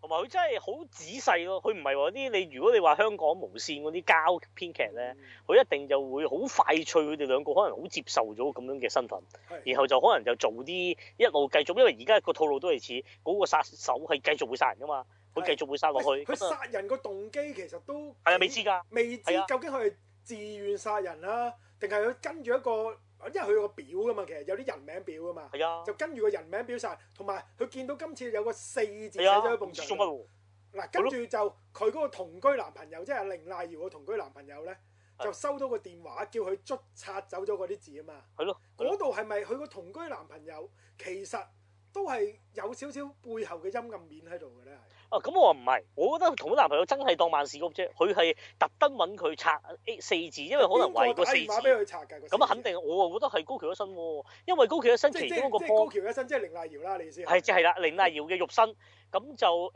同埋佢真係好仔細咯，佢唔係話啲你如果你話香港無線嗰啲膠編劇咧，佢一定就會好快脆，佢哋兩個可能好接受咗咁樣嘅身份，然後就可能就做啲一路繼續，因為而家個套路都係似嗰個殺手係繼續會殺人噶嘛，佢繼續會殺落去。佢殺人個動機其實都係啊未知㗎，未知究竟佢係自願殺人啦、啊，定係佢跟住一個？因為佢有個表㗎嘛，其實有啲人名表㗎嘛、啊，就跟住個人名表晒，同埋佢見到今次有個四字寫咗喺埲牆，唔嗱、啊，跟住就佢嗰、啊、個同居男朋友，啊、即係綾瀨遙個同居男朋友咧、啊，就收到個電話叫佢捉擦走咗嗰啲字啊嘛。係咯、啊，嗰度係咪佢個同居男朋友其實都係有少少背後嘅陰暗面喺度嘅咧？哦、啊，咁我話唔係，我覺得同男朋友真係當萬事屋啫，佢係特登揾佢拆 A 四字，因為可能為個四字畀佢拆，咁啊肯定，我話覺得係高橋一新喎，因為高橋一新其中一個坡、欸呃，高橋一新即係凌麗瑤啦，你意思，係即係啦，凌麗瑤嘅肉身，咁就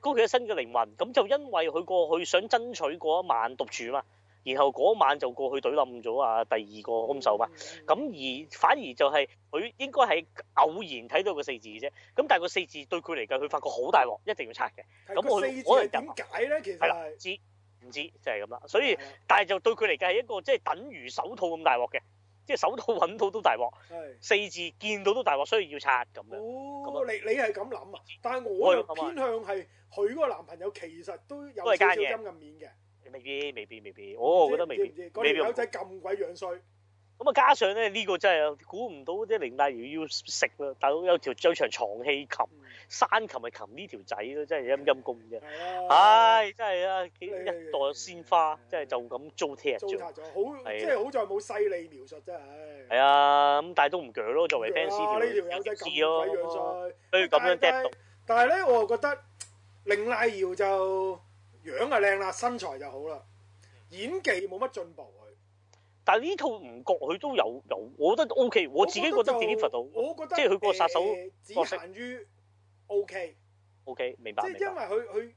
高橋一新嘅靈魂，咁就因為佢過去想爭取嗰一晚獨處嘛。然後嗰晚就過去懟冧咗啊！第二個兇手嘛，咁、嗯嗯嗯、而反而就係、是、佢應該係偶然睇到個四字啫。咁但係個四字對佢嚟計，佢發覺好大鑊，一定要拆嘅。咁我我係點解咧？其實係啦，唔知唔知就係咁啦。所以但係就對佢嚟計係一個即係等於手套咁大鑊嘅，即係手套揾到都大鑊，四字見到都大鑊，所以要拆咁。哦，樣你你係咁諗啊？但係我又偏向係佢嗰個男朋友其實都有少少陰暗面嘅。未必，未必，未必，哦、我覺得未必。嗰條、醜醜未必友仔咁鬼樣衰，咁啊加上咧呢、呢個真係估唔到即係凌大姚要食啦，但有條最長藏戲琴，山琴咪琴呢條仔咯，真係陰陰公啫。唉，真係啊，一袋鮮花，真係就咁糟蹋咗，係即係好在冇細膩描述，真係。係啊，咁但係都唔鋸咯，作為 fans 嚟講，條友仔咁鬼樣衰，都咁樣踢讀。但係咧，我覺得凌大姚就，樣就靚啦，身材就好啦，演技冇乜進步佢。但係呢套唔覺佢都有有，我覺得 O、OK, K，我，我自己覺得自己拍到，即係佢個殺手。只限於 O K，O K 明白。即、就、係、是、因為佢佢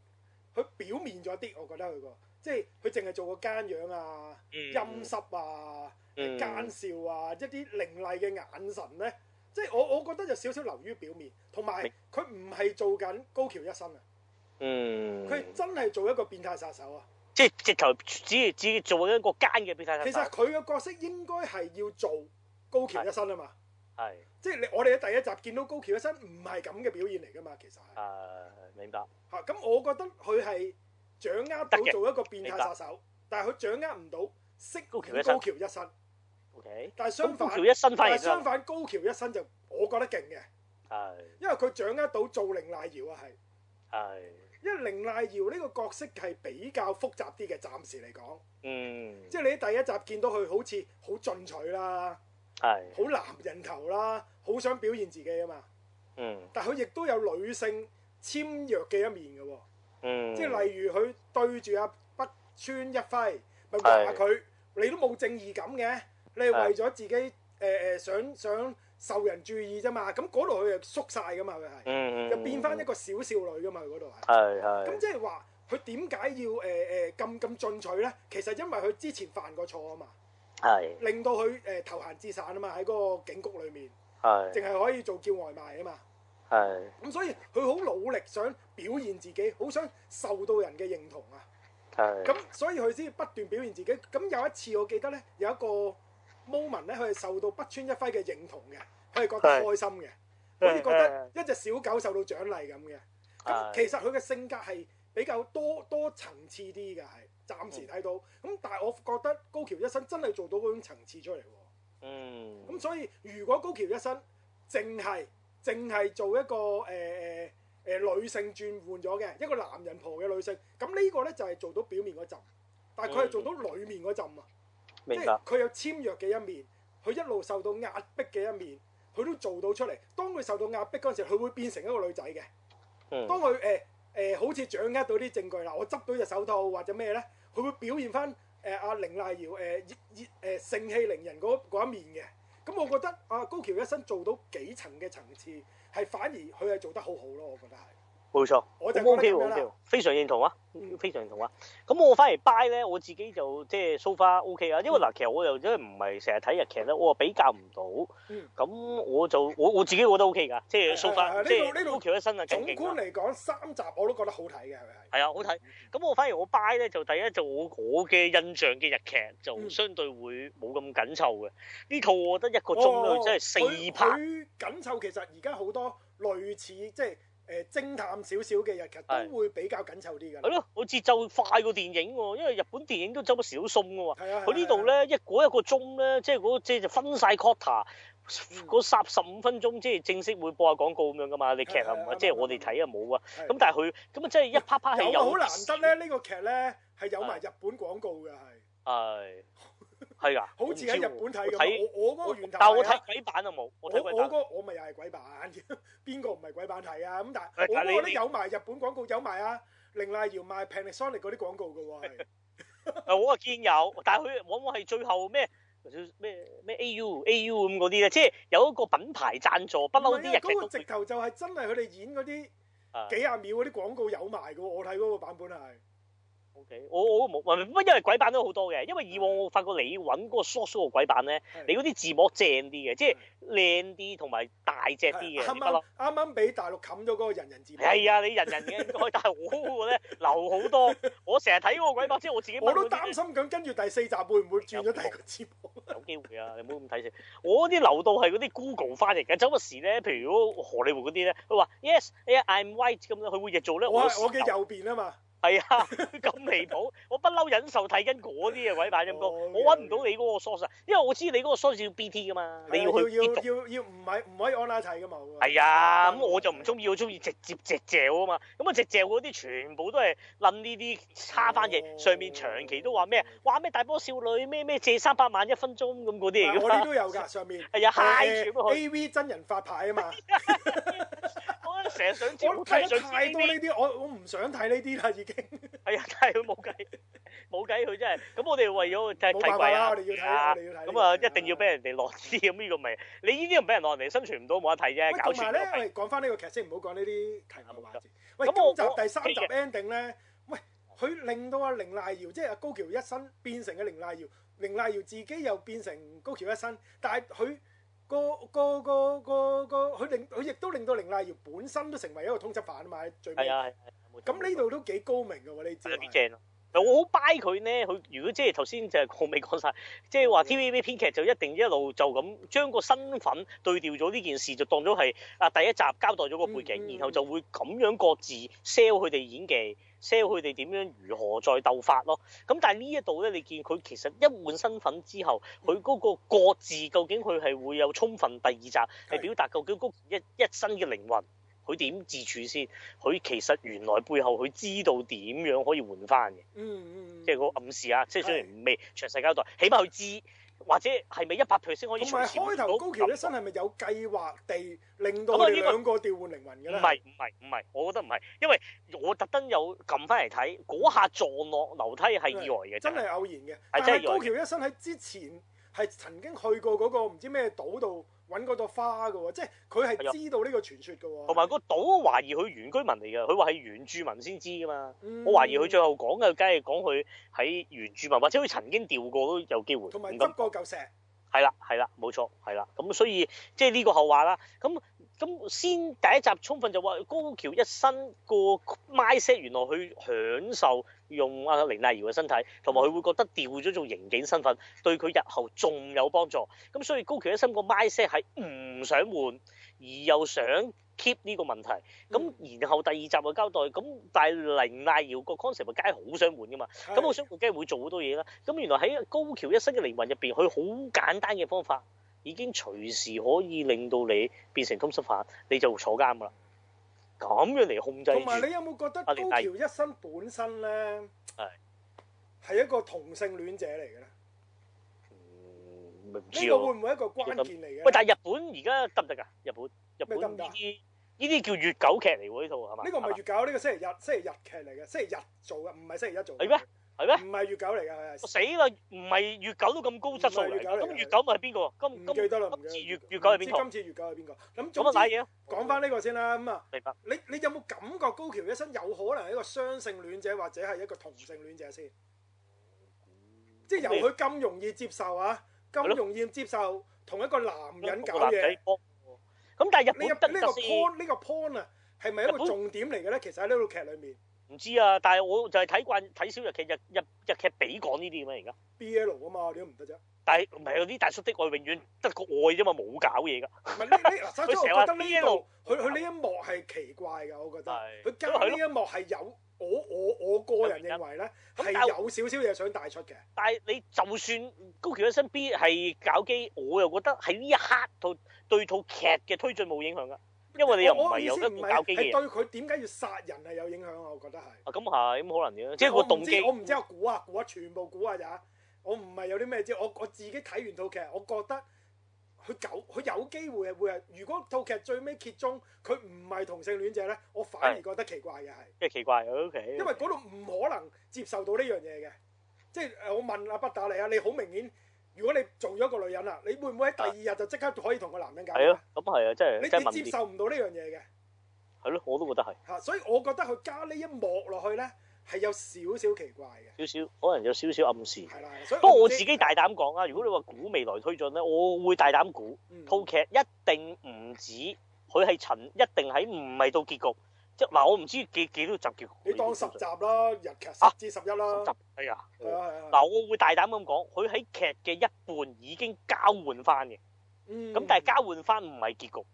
佢表面咗啲，我覺得佢個即係佢淨係做個奸樣啊、陰、嗯、濕啊、嗯、奸笑啊、一啲凌厲嘅眼神咧，即、就、係、是、我我覺得就少少流於表面，同埋佢唔係做緊高橋一生啊。嗯，佢真係做一個變態殺手啊！即係直頭只只做緊一個奸嘅變態殺手。其實佢嘅角色應該係要做高橋一生啊嘛。係，即係你我哋喺第一集見到高橋一生唔係咁嘅表現嚟噶嘛，其實。誒，明白。吓，咁我覺得佢係掌握到做一個變態殺手，但係佢掌握唔到識演高橋一生。O K。但係相反，但係相反高橋一生就我覺得勁嘅。係。因為佢掌握到做綾瀨遙啊係。係。因為綾瀨遙呢個角色係比較複雜啲嘅，暫時嚟講。嗯。即係你第一集見到佢好似好進取啦，係。好男人頭啦，好想表現自己啊嘛。嗯。但係佢亦都有女性簽約嘅一面嘅喎、哦。嗯。即係例如佢對住阿北村一輝，咪話佢，你都冇正義感嘅，你係為咗自己誒誒想想。想受人注意咋嘛？咁嗰度佢就縮晒噶嘛，佢、嗯、係，就變翻一個小少女噶嘛，佢嗰度係。係係。咁即係話佢點解要誒誒咁咁進取咧？其實因為佢之前犯過錯啊嘛，係。令到佢誒、呃、投閒置散啊嘛，喺嗰個警局裏面，係。淨係可以做叫外賣啊嘛，係。咁所以佢好努力想表現自己，好想受到人嘅認同啊。係。咁所以佢先不斷表現自己。咁有一次我記得咧，有一個。Moment 咧，佢係受到北川一輝嘅認同嘅，佢係覺得開心嘅，好似覺得一隻小狗受到獎勵咁嘅。咁其實佢嘅性格係比較多多層次啲嘅，係暫時睇到。咁、嗯、但係我覺得高橋一生真係做到嗰種層次出嚟喎。嗯。咁所以如果高橋一生淨係淨係做一個誒誒誒女性轉換咗嘅一個男人婆嘅女性，咁呢個咧就係、是、做到表面嗰陣，但係佢係做到裡面嗰陣啊。嗯嗯。即係佢有簽約嘅一面，佢一路受到壓迫嘅一面，佢都做到出嚟。當佢受到壓迫嗰陣時，佢會變成一個女仔嘅、嗯。當佢誒誒好似掌握到啲證據啦，我執到隻手套或者咩咧，佢會表現翻誒阿凌麗瑤誒熱熱誒盛氣凌人嗰一面嘅。咁我覺得阿高橋一生做到幾層嘅層次，係反而佢係做得好好咯，我覺得係。冇錯，我哋 O K 喎，O K，非常認同啊，非常認同啊。咁、嗯嗯、我反而 buy 咧，我自己就即係 so far O K 啊。因為嗱，其實我又因為唔係成日睇日劇啦、嗯，我比較唔到。咁、嗯、我就我、嗯、我自己覺得 O K 㗎，即係 so far 即係 O K 一身啊。總觀嚟講，三集我都覺得好睇嘅，係咪？係啊，好睇。咁、嗯、我、嗯、反而我 buy 咧，就第一就我我嘅印象嘅日劇就相對會冇咁緊湊嘅。呢、嗯、套我覺得一個鐘內即係四拍緊湊。其實而家好多類似即係，誒偵探少少嘅日劇都會比較緊湊啲㗎，係咯，我節奏快過電影喎，因為日本電影都走不少送㗎喎。係啊，佢呢度咧一個一個鐘咧，即係嗰即係分晒 quota，嗰三十五分鐘即係正式會播下廣告咁樣㗎嘛。你、呢個、劇啊，即係、即係、我哋睇啊冇啊，咁但係佢咁啊，即係一拍拍係有。好難得咧，呢、呢個劇咧係有埋日本廣告嘅，係。係噶、啊，好似喺日本睇咁，我、啊、我個但我睇鬼版都冇。我我嗰我咪又係鬼版，邊個唔係鬼版睇 啊？咁但係我我都有埋日本廣告，有埋啊，綾瀨遙賣 Panasonic 嗰啲廣告嘅喎。誒， 我見有，但係佢往往係最後咩咩咩 AU AU 咁嗰啲咧，即、就、係、是、有一個品牌贊助，不嬲啲日劇嗰個直頭就係真係佢哋演嗰啲幾廿秒嗰啲廣告有埋嘅、啊，我睇嗰個版本係。Okay. 我我冇，唔因為鬼版都好多嘅，因為以往我發覺你搵嗰個 source 嘅鬼版咧，你嗰啲字幕正啲嘅，即係靚啲同埋大隻啲嘅。啱啱啱俾大陸冚咗嗰個人人字幕。係啊，你人人嘅應該， 但係我嗰個咧留好多。 我成日睇嗰個鬼版，即係我自己。我都擔心咁，跟住第四集會唔會轉咗第二個字幕？有機會啊，你唔好咁睇我啲留到係嗰啲 Google 翻嚟嘅。走 個時咧，譬如如果荷里活嗰啲咧，佢話 Yes，I'm white、right, 咁樣，佢會日做咧。我我嘅右邊啊嘛。係 啊、哎，咁離譜！我不嬲忍受睇緊嗰啲啊。位打音歌、哦，我揾唔到你嗰個 source，啊、哦，因為我知你嗰個 source 要 BT 噶嘛、哎，你要去接要要唔咪唔可以安拉一齊噶嘛。係啊，咁、哎嗯嗯嗯、我就唔中意，我中意直接直嚼啊嘛。咁、嗯、啊，直嚼嗰啲全部都係撚呢啲差翻嘢、哦，上面長期都話咩？話、哦、咩大波少女咩咩借三百萬一分鐘咁嗰啲。我啲都有噶上面。係、哎、啊，揩住佢。A V 真人發牌啊嘛。 成日想睇，我睇得太多呢啲，我我唔想睇呢啲啦，已經想。呀、 啊，但睇佢冇計，冇計佢真係。咁我哋為咗睇提攜啊，我哋要睇、啊，我哋要睇。咁啊、嗯，一定要俾人哋落啲咁呢個咪，你呢啲唔俾人落嚟， 生存唔到冇得睇啫。搞錯咗。講翻呢個劇先，唔好講呢啲題目。冇話喂，今集第三集 ending 咧，喂，佢、啊、令到阿綾瀨遙，即係阿高橋一生變成嘅綾瀨遙，綾瀨遙自己又變成高橋一生，但係佢。佢令佢亦都令到凌麗瑤本身都成為一個通緝犯啊嘛，最尾。啊，咁呢度都幾高明㗎喎，呢招。我好掰佢呢。佢如果即係頭先就係我未講晒，即係話 TVB 編劇就一定一路就咁將個身份對調咗呢件事，就當咗係啊第一集交代咗個背景，嗯嗯，然後就會咁樣各自 sell 佢哋演技，sell 佢哋點樣如何再鬥法咯。咁但係呢一度呢，你見佢其實一換身份之後，佢嗰個各自究竟佢係會有充分第二集係表達究竟一一生嘅靈魂。佢點自處先？佢其實原來背後佢知道點樣可以換翻嘅。嗯嗯，嗯。即係個暗示啊，即係雖然未詳細交代，起碼佢知或者係咪一百 percent 可以？開頭高橋一生係咪有計劃地令到？呢兩個調換靈魂嘅啦。唔係唔係唔係，我覺得唔係，因為我特登有撳翻嚟睇，嗰下撞落樓梯係意外嘅，嗯，真係偶然嘅。但係高橋一生喺之前係曾經去過嗰個唔知咩島度。揾嗰朵花㗎喎，即係佢係知道呢個傳説㗎喎。同埋個島我，嗯，我懷疑佢原居民嚟㗎，佢話係原住民先知㗎嘛。我懷疑佢最後講嘅梗係講佢喺原住民，或者佢曾經掉過都有機會。同埋執個舊石。係啦，係啦，冇錯，係啦。咁所以即係呢個後話啦。咁咁先第一集充分就話高橋一生個 mindset 原來去享受用阿凌娜瑤嘅身體，同埋佢會覺得掉咗做刑警身份對佢日後仲有幫助。咁所以高橋一生個 mindset 係唔想換，而又想。keep 呢個問題，咁然後第二集嘅交代，咁但係綾瀨遙個 concept 咪梗係好想換噶嘛？咁我想佢梗係會做好多嘢啦。咁原來喺高橋一生嘅靈魂入邊，佢好簡單嘅方法已經隨時可以令到你變成通緝犯，你就坐監噶啦。咁樣嚟控制。同埋你有冇覺得高橋一生本身咧係係一個同性戀者嚟嘅咧？呢個會唔會一個關鍵嚟嘅？喂！但係日本而家得唔得㗎？日本？日本呢啲呢啲叫月九劇嚟喎，呢套係嘛？呢個唔係月九，呢個星期日星期日劇嚟嘅，星期日做嘅，唔係星期一做嘅。係咩？係咩？唔係月九嚟㗎，係。死啦！唔係月九都咁高質素嚟，咁月九咪係邊個？咁唔記得啦，今今次月月九係邊個？今次月九係邊個？咁做乜嘢啊？講翻呢個先啦，咁啊，明白，你你有冇感覺高橋一生有可能係一個雙性戀者或者係一個同性戀者先？即係由佢咁容易接受啊，咁容易接受同一個男人搞嘢。咁但係日本得呢個 point 呢個 point 啊，係咪一個重點嚟嘅咧？其實喺呢套劇裏面，唔知啊。但係我就係睇慣睇小日劇，日日日劇比講呢啲咁咩？而家 BL 啊嘛，點解唔得啫？但係唔係有啲大叔的愛，永遠得個愛啫嘛，冇搞嘢㗎。唔係呢呢，佢成日話 BL，佢佢呢一幕係奇怪㗎，我覺得。佢加呢一幕係有。我我我個人認為咧係、嗯嗯、有少少嘢想帶出嘅，但係你就算高橋一生 B 係搞基，我又覺得喺呢一刻套對套劇嘅推進冇影響噶，因為你又唔係有啲搞基嘅。你對佢點解要殺人係有影響啊？我覺得係。啊，咁係冇可能嘅，即係個動機。我唔知，我估啊，估啊，全部估啊咋？我唔係有啲咩啫，我我自己睇完套劇，我覺得。佢有佢有機會係會係，如果套劇最尾揭盅，佢唔係同性戀者咧，我反而覺得奇怪嘅係。即係奇怪，好奇。因為嗰度唔可能接受到呢樣嘢嘅，即係誒我問阿畢打利啊，你好明顯，如果你做咗個女人啦，你會唔會喺第二日就即刻可以同個男人搞？係咯，咁係啊，即係、就是、你接受唔到呢樣嘢嘅。係咯，我都覺得係。嚇，所以我覺得佢加呢一幕落去咧。係有少少奇怪嘅，少少可能有少少暗示。係啦，所以不過我自己大膽講啊，如果你話估未來推進咧，我會大膽估、嗯。套劇一定唔止佢係陳，一定喺唔係到結局。嗯、即係嗱，我唔知幾幾多集結局。你當十集啦，日劇啊，至十一啦。十集。哎呀，嗱、嗯，我會大膽咁講，佢喺劇嘅一半已經交換翻嘅。嗯。咁但係交換翻唔係結局，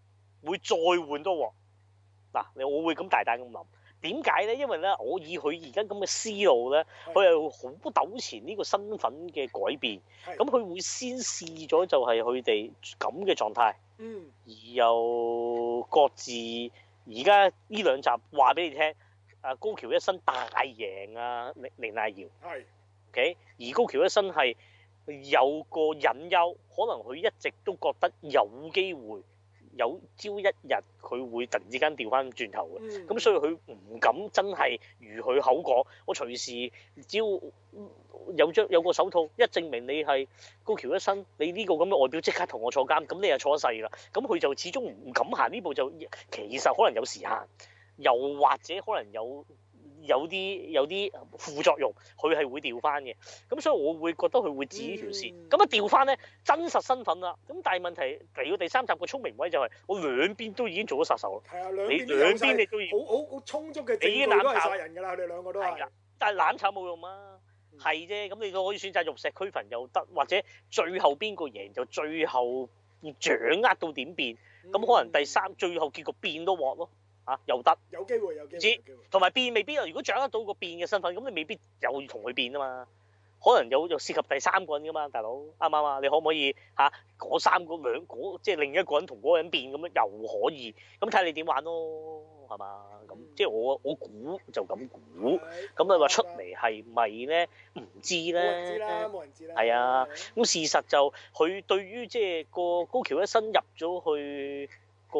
會再換多喎。嗱、啊，你我會咁大膽咁諗。點解咧？因為咧，我以佢而家咁嘅思路咧，佢係好糾纏呢個身份嘅改變。咁佢會先試咗就係佢哋咁嘅狀態。嗯。而又各自而家呢兩集話俾你聽。啊，高橋一生大贏啊，綾瀨遙。係。O.K. 而高橋一生係有個隱憂，可能佢一直都覺得有機會。有朝一日佢會突然之間掉翻轉頭嘅，咁所以佢唔敢真係如佢口講。我隨時只要有張有個手套，一證明你係高橋一生，你呢個咁嘅外表即刻同我坐監，咁你就坐一世啦。咁佢就始終唔敢行呢步，就其實可能有時限，又或者可能有。有啲有啲副作用，佢係會掉翻嘅。咁所以，我會覺得佢會指、嗯、呢條線。咁一調翻咧，真實身份啦。咁但係問題嚟到第三集個聰明位就係、是，我兩邊都已經做咗殺手。係啊，兩邊你兩邊你都要好好，好充足嘅你已經攬炒人㗎啦，你哋兩個都係。但係攬炒冇用啊，係啫。咁你都可以選擇玉石俱焚又得，或者最後邊個贏就最後掌握到點變。咁、嗯、可能第三最後結局變都獲咯。又得有機會有知，同埋變未必啊。如果掌握到個變嘅身份，咁你未必又要同佢變啊嘛。可能有就涉及第三個人噶嘛，大佬啱唔啱啊？你可唔可以嚇嗰、啊、三個兩嗰即係另一個人同嗰個人變咁樣又可以咁睇你點玩咯，係嘛，咁即係我我估就咁估咁你話出嚟係咪咧？唔知咧，知啦，冇人知啦。係、嗯、啊，咁事實就佢對於即係個高橋一生入咗去個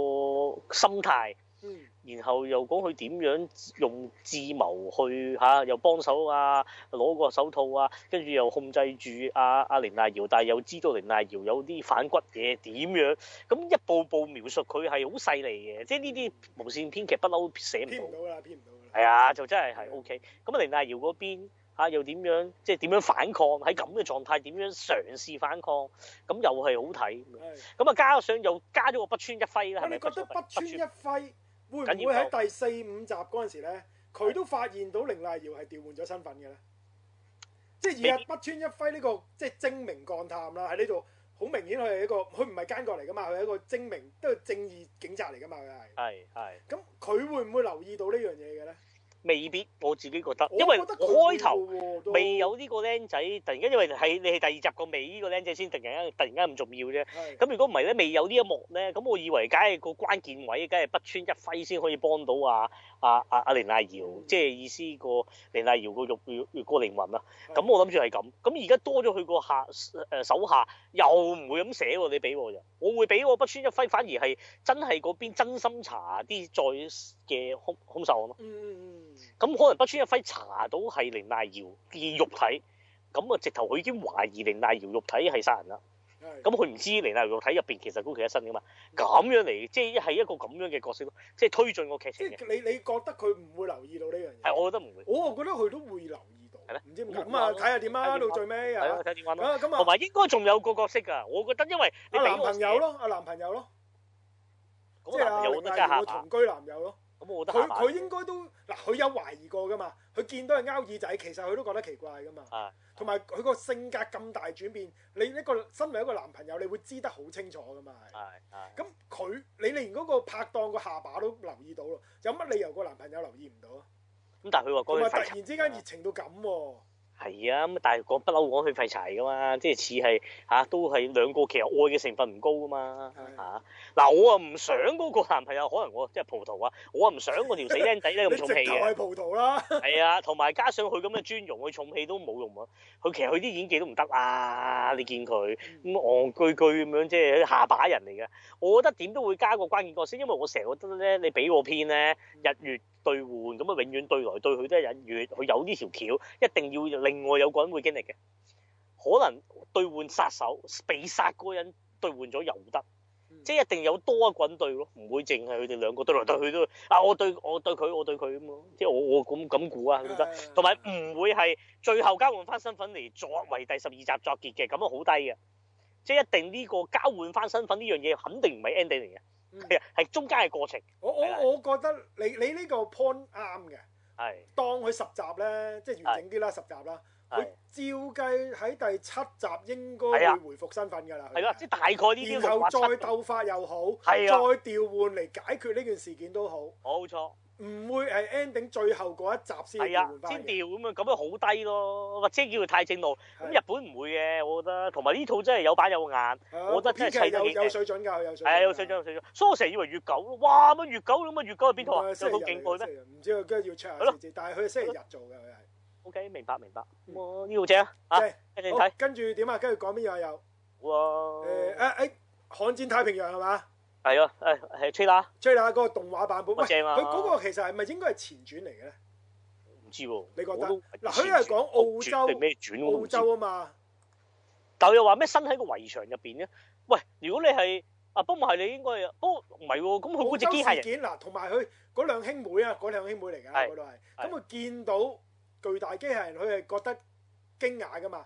心態，嗯。然後又講佢點樣用智謀去、啊、又幫手啊，攞個手套啊，跟住又控制住阿阿綾瀨遙，但係又知道綾瀨遙有啲反骨嘢，點樣咁一步步描述佢係好細膩嘅，即係呢啲無線編劇不嬲寫唔到啦，編唔到啦，係啊，就真係係 OK。咁啊，綾瀨遙嗰邊又點樣，即係點樣反抗喺咁嘅狀態，點樣嘗試反抗咁又係好睇。咁啊，加上又加咗個北川一輝啦，係咪？得北川一輝。是會唔會喺第四五集嗰陣時咧，佢都發現到凌麗瑤係調換咗身份嘅呢？即係而家北川一輝呢個即係精明幹探啦，喺呢度好明顯佢係一個佢唔係奸角嚟噶嘛，佢係一個精明都係正義警察嚟噶嘛，佢係係咁，佢會唔會留意到呢樣嘢嘅呢？未必我自己覺得，因為我覺得開頭未有呢個僆仔，突然間因為喺你係第二集個尾，呢個僆仔先突然間突然間咁重要啫。咁如果唔係咧，未有呢一幕咧，咁我以為梗係個關鍵位，梗係北川一輝先可以幫到啊啊阿啊！連大姚即係意思個連大姚個玉肉個靈魂啦。咁我諗住係咁。咁而家多咗佢個下誒手下，又唔會咁寫喎。你俾我就，我會俾我,我北川一輝，反而係真係嗰邊真心查啲再嘅兇兇手案咯。嗯咁可能北村一輝查到係綾瀨遙嘅肉體，咁啊直頭佢已經懷疑綾瀨遙肉體係殺人啦。咁佢唔知道綾瀨遙肉體入邊其實高橋一生噶嘛，咁樣嚟，即係係一個咁樣嘅角色咯，即係推進個劇情嘅。你你覺得佢唔會留意到呢樣嘢？係，我覺得唔會。我覺得佢都會留意到。係咧，唔知咁啊，睇下點啊，到最尾啊。睇下點玩啊，咁啊，同埋應該仲有個角色啊。我覺得因為你男朋友咯，啊男朋友咯，即係啊，第二個同居男友咯。佢佢應該都嗱，佢有懷疑過㗎嘛。佢見到係勾耳仔，其實佢都覺得奇怪㗎嘛。同埋佢個性格咁大轉變，你一個身為一個男朋友，你會知得好清楚㗎嘛？咁、啊、佢、啊，你連嗰個拍檔個下巴都留意到咯，有乜理由個男朋友留意唔到？咁但係佢話佢日突然之間熱情到咁喎、啊。係啊，咁但係講不嬲講去廢柴噶嘛，即係似係嚇都係兩個其實愛嘅成分唔高噶嘛嚇。嗱、啊、我啊唔想嗰個男朋友可能我即係、就是、葡萄啊，我啊唔想嗰條死靚仔咧咁重氣嘅。直係葡萄啦。係啊，同埋加上佢咁嘅尊容，佢重氣都冇用啊。佢其實佢啲演技都唔得啊！你見佢咁憨居居咁樣即係下把人嚟嘅。我覺得點都會加個關鍵角色，因為我成日覺得咧，你俾我編咧日月對換咁啊，永遠對來對去都係日月。佢有呢條橋，一定要令。另外有個人會經歷嘅，可能對換殺手，被殺嗰人對換咗又得，嗯、即係一定有多一個人對咯，唔會淨係佢哋兩個對來對去都、嗯，啊我對我對佢我對佢咁咯，即係我我咁咁估啊，覺得同埋唔會係最後交換翻身份嚟作為第十二集作結嘅，咁樣好低嘅，即係一定呢個交換翻身份呢樣嘢肯定唔係 ending 嚟嘅，係、嗯、中間嘅過程。我我我覺得你你呢個 point 啱嘅。係，當佢十集呢，即係完整啲啦，十集啦。佢照計喺第七集應該會回復身份噶啦，係即大概啲。然後再鬥法又好，再調換嚟解決呢件事件都好，冇錯。唔會係 ending 最後嗰一集先、啊，先掉咁啊！咁樣好低咯，或者叫佢太正路。咁、啊、日本唔會嘅，我覺得。同埋呢套真係有板有眼，啊、我覺得真係砌得有，有水準有水係有水準、啊有，水準，啊、有，水準有水準。所以我成日以為月九，哇！咁月九咁啊，月九係邊套啊？月九咩？唔知跟住要 check 但係佢星期日做嘅佢係。OK，明白明白。呢套正啊！正，跟住睇，跟住點啊？跟住講邊啊？有。哇、呃！哎，哎，誒，悍戰太平洋係嘛？是吧？係啊，誒，係吹打，吹打個動畫版本，啊、喂，佢嗰個其實係咪應該係前傳嚟嘅咧？唔知喎、啊，你覺得？嗱，佢係講澳洲咩轉？澳洲啊嘛。但又話咩身喺個圍牆入邊咧？喂，如果你係，啊，不唔係你應該，不，唔係喎，咁好似機械人，嗱，同埋佢嗰兩兄妹啊，嗰兩兄妹嚟噶，嗰度係，咁佢見到巨大機械人，佢係覺得驚訝噶嘛。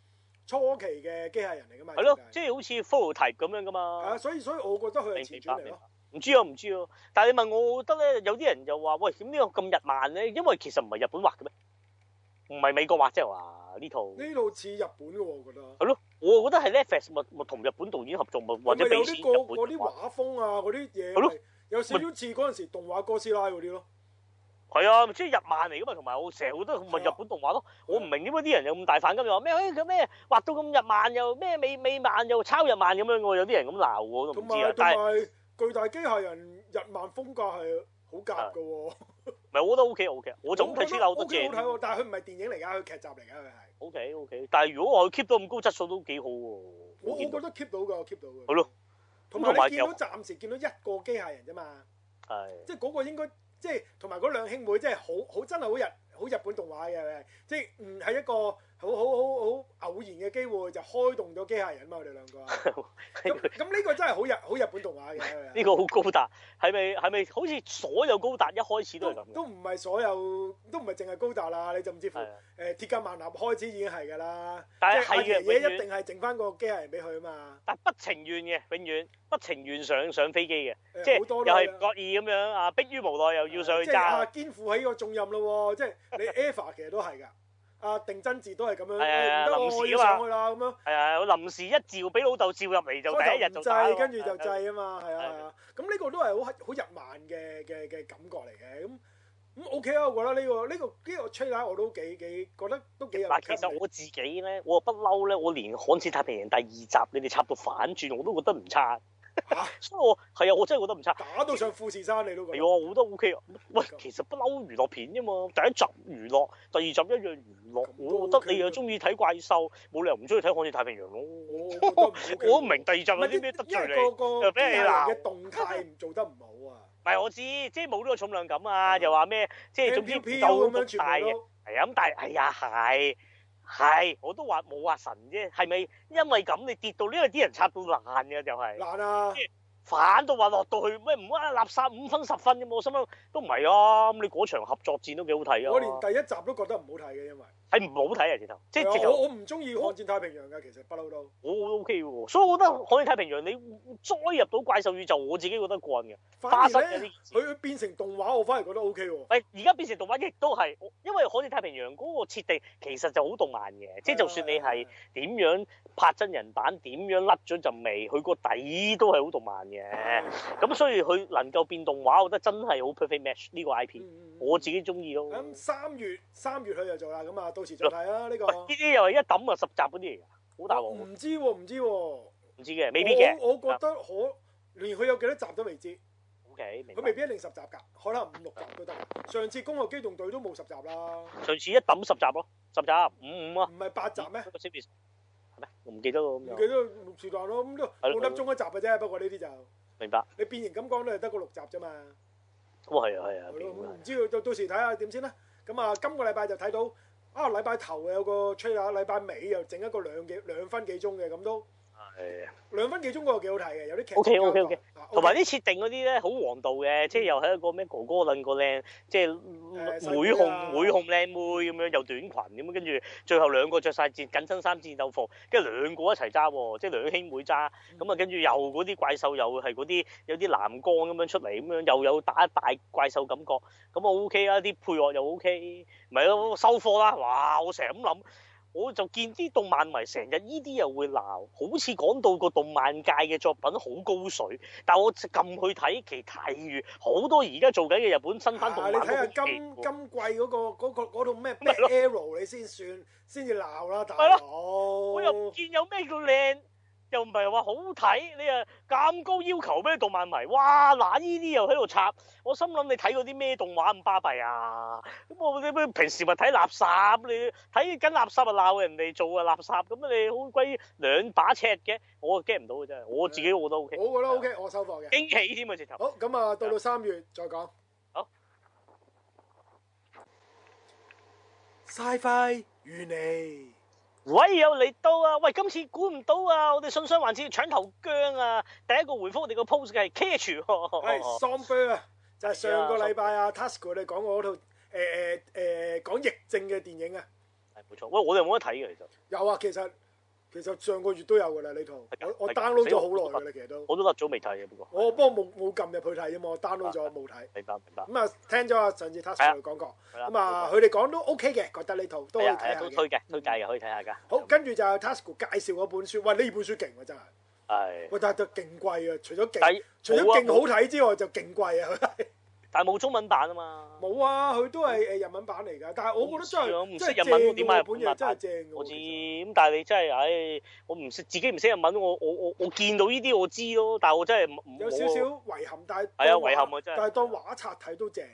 初期嘅機械人嚟噶嘛，係咯，即係好似 Follow Tip 咁樣噶嘛。係啊，所以所以我覺得佢係前傳嚟咯。唔知啊唔知啊，但係你問我，我覺得咧，有啲人就話喂點解咁日漫咧？因為其實唔係日本畫嘅咩，唔係美國畫啫嘛呢套。呢套似日本嘅我覺得。係咯，我覺得係 Netflix 咪咪同日本導演合作，或者俾錢日本畫。我啲畫，畫風啊，啲嘢係有少少似嗰陣時動畫哥斯拉啲咯。係啊，即係日漫嚟噶嘛，同埋我成日好多咪日本動畫咯、啊。我唔明點解啲人有咁大反感，啊你欸、又話咩？佢咩畫到咁日漫又咩未美漫又抄日漫咁樣嘅，我有啲人咁鬧嘅，我都唔知啊。但係巨大機械人日漫風格係好夾噶喎。唔係、啊啊、我覺得 O K O K，我仲睇出有好多正，但係佢唔係電影嚟噶，佢劇集嚟噶，佢係。O K O K，但係如果我佢 keep 到咁高質素都幾好喎。我我覺得 keep 到嘅，keep 到嘅。係咯、啊，同埋你見到暫時見到一個機械人啫嘛，即係嗰個應該。即係同埋嗰兩兄妹，即係好好真係好日好日本動畫嘅，即係唔係一個。好好好好，好偶然嘅機會就開動咗機械人嘛，我哋兩個。咁咁呢個真係好日好日本動畫嘅。呢、這個好高達，係咪係咪？好似所有高達一開始都係咁。都唔係所有，都唔係淨係高達啦。你甚至乎誒、呃、鐵甲萬能俠開始已經係㗎啦。但係而嘢，一定係剩翻個機械人俾佢嘛。但係不情願嘅，永遠不情願上上飛機嘅、呃，即係又係唔覺意咁樣啊！迫於無奈又要上去揸。即係啊，肩負起個重任咯喎！即係你 EVA 其實都係㗎。 啊！定真字都係咁樣，臨時要上去啦咁樣。係啊，我臨時一照俾老豆照入嚟就第一日就制，跟住就制啊嘛，係啊。啊，咁呢個都係好好日漫嘅嘅嘅感覺嚟嘅。咁咁 OK 啊，我覺得呢、呢個呢、呢個呢、呢個 trailer 我都幾幾覺得都幾有。其實我自己咧，我不嬲咧，我連《悍戰太平洋》第二集你哋插到反轉，我都覺得唔差。吓，所以我係啊，我真係覺得唔差，打到上富士山你都。係我覺得 OK 喂，其實不嬲娛樂片啫嘛，第一集娛樂，第二集一樣娛樂樣、OK。我覺得你又中意睇怪獸，冇、啊、理由唔中意睇《悍戰太平洋》咯。我唔、OK、明白第二集有啲咩得罪你。因為你個邊間嘅動態做得唔好啊。唔 係我知道，即係冇呢個重量感啊，啊又話咩？即係總之不，度咁大嘅。係啊，咁但係，哎呀，係。係，我都話冇話神啫，係咪因為咁你跌到呢度啲人插到爛嘅就係、是、爛啊，反到話落到去咩唔好啊垃圾五分十分嘅，冇心諗都唔係啊，咁你嗰場合作戰都幾好睇呀、啊。我連第一集都覺得唔好睇嘅，因為。係唔好睇啊！直頭，即係、就是、我我唔中意《悍戰太平洋》㗎，其實不嬲都。我都 OK 喎，所以我覺得《悍戰太平洋》你再入到怪獸宇宙，我自己覺得過癮嘅。花心佢佢變成動畫，我反而覺得 OK 喎。而家變成動畫，亦都係，因為《悍戰太平洋》嗰個設定其實就好動漫嘅，即係、啊就是、就算你係點樣拍真人版，點、啊啊啊啊、樣甩咗陣味，佢個底都係好動漫嘅。咁、嗯、所以佢能夠變動畫，我覺得真係好 perfect match 呢個 IP、嗯。我自己中意咯。咁三月三月佢就做啦，咁啊。到時就睇啦，呢、這個呢啲又係一揼就十集嗰啲嚟，好大鑊。唔知喎、啊，唔知喎、啊，唔知嘅，未必嘅。我覺得可連佢有幾多集都未知。OK，明白。佢未必一定十集㗎，可能五六集都得。上次《攻殼機動隊》都冇十集啦。上次一揼十集咯，十集五五啊。唔係八集咩？個咩？我唔記得咯。唔記得六六集咯，咁都冇得中一集嘅啫。不過呢啲就明白。你變形金剛都係得個六集啫嘛。咁啊係啊係啊，明白。唔知到到時睇下點先啦。咁啊，今個禮拜就睇到。啊！禮拜頭有個吹，啊，禮拜尾又整一個兩幾兩分幾鐘嘅咁都。係、嗯、兩分幾鐘嗰個幾好睇嘅，有啲劇都幾好。O K O K O K，同埋啲設定嗰啲咧好王道嘅，即係又係一個咩哥哥兩個靚，即、mm、係 -hmm. mm -hmm. 妹控妹控靚妹咁樣，又短裙咁樣，跟住最後兩個着晒戰緊身衫戰鬥服，跟住兩個一齊揸喎，即係兩兄妹揸，咁啊跟住又嗰啲怪獸又係嗰啲有啲藍光咁樣出嚟，咁樣又有打大怪獸感覺，咁、OK、啊 O K 啦，啲配樂又 O K，咪收貨啦，哇！我成日咁諗。我就見啲動漫迷成日呢啲又會鬧，好似講到個動漫界嘅作品好高水，但係我咁去睇，其睇完好多而家做緊嘅日本新番動漫都唔掂，啊、你睇下今今季嗰、嗰個嗰、嗰個嗰套、嗰、咩、個、咩、嗰個、Arrow，你先算先至鬧啦，大佬。我又唔見有咩叫靚。又唔係話好睇，你啊咁高要求畀啲動漫迷，哇，嗱，呢啲又喺度拆，我心諗你睇過啲咩動畫咁巴閉啊？咁我你平時咪睇垃圾，你睇緊垃圾啊，鬧人哋做嘅垃圾，咁啊你好鬼兩把尺嘅，我驚唔到嘅真係，我自己我都 OK，我覺得 OK，我收貨嘅，驚喜添啊直頭。好，咁啊，到到三月再講。好，Sci-Fi 與你。喂又嚟到啊！喂今次估唔到啊，我哋信箱還似要搶頭姜啊！第一個回覆我哋個 post 嘅係 K H，係桑飛啊，就係、是、上個禮拜啊 Tasuku 你講過嗰套誒誒誒講疫症嘅電影啊，係冇錯，喂我哋冇得睇嘅其實，有啊其實。其實上個月都有嘅啦，呢、這、套、個、我我 download 咗好耐嘅啦，其實都我都特早未睇嘅不過我不過冇冇撳入去睇啫嘛，download 咗冇睇。明白明白。咁、嗯、啊聽咗阿上次 Tasuku 講過，咁啊佢哋講都 OK 嘅，覺得呢套都可以睇下嘅。推介推介嘅可以睇下噶。好，跟住就係 Tasuku 介紹嗰本書，喂，呢本書勁喎真係。係。喂，但係就勁貴啊！除咗勁除咗勁好睇之外，就勁貴啊！佢。 但係冇中文版啊嘛，冇啊，佢都係誒日文版嚟㗎。但係我覺得真係，我唔識日文，點解日本嘢真係正嘅。我知咁，但係你真係，唉，我唔識自己唔識日文，我我我我見到呢啲我知咯。但係我真係唔有少少遺憾，但係係啊，遺憾啊真係。但係當畫冊睇都正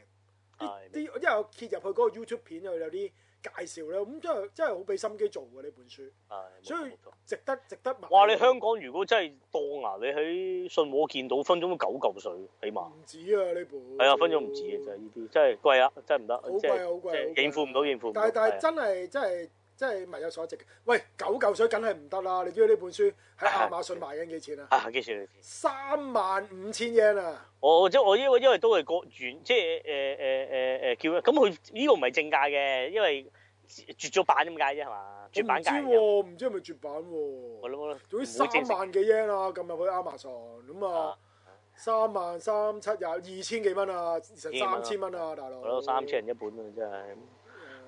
啲啲、哎，因為我揭入去嗰個 YouTube 片佢有啲。介紹咧，咁真係真係好俾心機做嘅呢本書，哎，所以值得值得。哇！你香港如果真係當啊，你喺信和見到分鐘都九嚿水，起碼唔止啊呢本。係啊，分鐘唔止啊，就係就係，真係呢啲真係貴啊，真係唔得，好貴，就係好貴，好貴就係，好貴，應付唔到應付唔到。但係但係真係真係。即係物有所值嘅。喂，九嚿水梗係唔得啦！你知唔知呢本書喺亞馬遜賣緊幾錢啊？啊幾錢？三萬五千 yen 啊！哦，即係我因為因為都係國語，即係誒誒誒誒叫咁佢呢個唔係正價嘅，因為絕咗版咁解啫係嘛？絕版價唔知係咪、啊、絕版喎、啊？我諗，總之三萬幾 yen 啊，撳入去亞馬遜咁啊，啊，三萬三七廿二千幾蚊啊，二十三千蚊啊，啊，大佬！我諗三千人一本啊，真係。嗯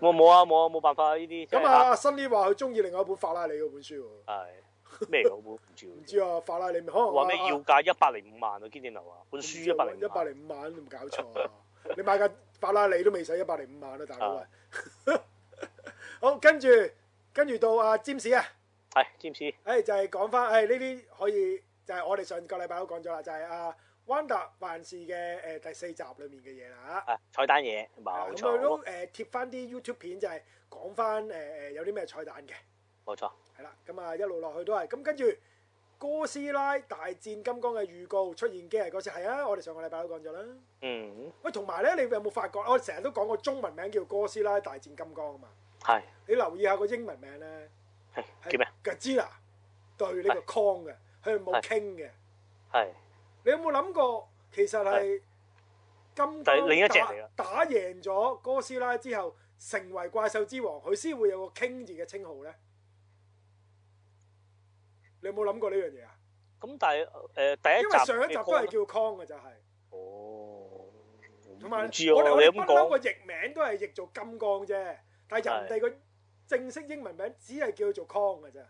我冇啊，冇啊，冇辦法啊！呢啲咁啊，阿 Sunny 呢話佢中意另外一本法拉利嗰本書喎。咩嗰本唔知？唔 知啊，法拉利可能話、啊、咩要價一百零五萬啊，堅定流啊！本書一百零一百零五萬你唔搞錯啊！啊 你買架法拉利都未使一百零五萬啦，大佬啊！ 好，跟住跟住到阿詹士啊。係詹士。誒、哎哎、就係講翻誒呢啲可以，就係、是、我哋上個禮拜都講咗啦，就係、是、啊。汪達幻視》嘅誒第四集裡面嘅嘢啦嚇，彩蛋嘢冇錯，咁咪都誒貼翻啲 YouTube 片就係講翻誒誒有啲咩彩蛋嘅，冇錯，係啦，咁啊一路落去都係，咁跟住哥斯拉大戰金剛嘅預告出現機器嗰次係啊，我哋上個禮拜都講咗啦。嗯，喂，同埋咧你有冇發覺我成日都講個中文名叫哥斯拉大戰金剛啊嘛，係，你留意下個英文名咧，叫咩？Godzilla 對呢個 Kong 嘅，佢冇 King 嘅，係。你有冇諗過，其實係金剛打打贏咗哥斯拉之後，成為怪獸之王，佢先會有個 King 字嘅稱號咧？你有冇諗過呢樣嘢啊？咁但係誒，第一集因為上一集都係叫 Kong 嘅，就係哦，同埋我哋不嬲個譯名都係譯做金剛啫，但係人哋個正式英文名只係叫佢做 Kong 嘅啫，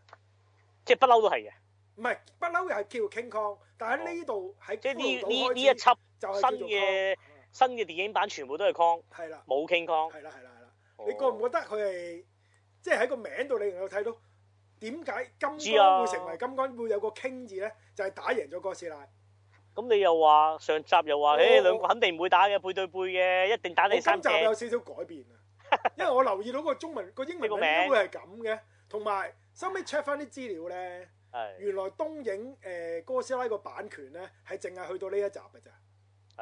即係不嬲都係嘅。唔係，不嬲又係叫 King Kong，但喺呢度喺呢呢呢一輯新就是、Kong，新嘅新嘅電影版全部都係 Kong，係啦，冇 King Kong，係啦係啦係啦。Oh。你覺唔覺得佢係即係喺個名度你能夠睇到點解金剛會成為金剛、啊、會有個 King 字咧？就係、是、打贏咗哥斯拉。咁你又話上集又話誒、oh，哎、兩個肯定唔會打嘅背對背嘅，一定打第三隻。你今集有少少改變啊， 因為我留意到個中文個 英文名會係咁嘅，同埋收尾 check 翻啲資料咧。係，原來東影誒、呃、哥斯拉個版權咧係淨係去到呢一集嘅咋，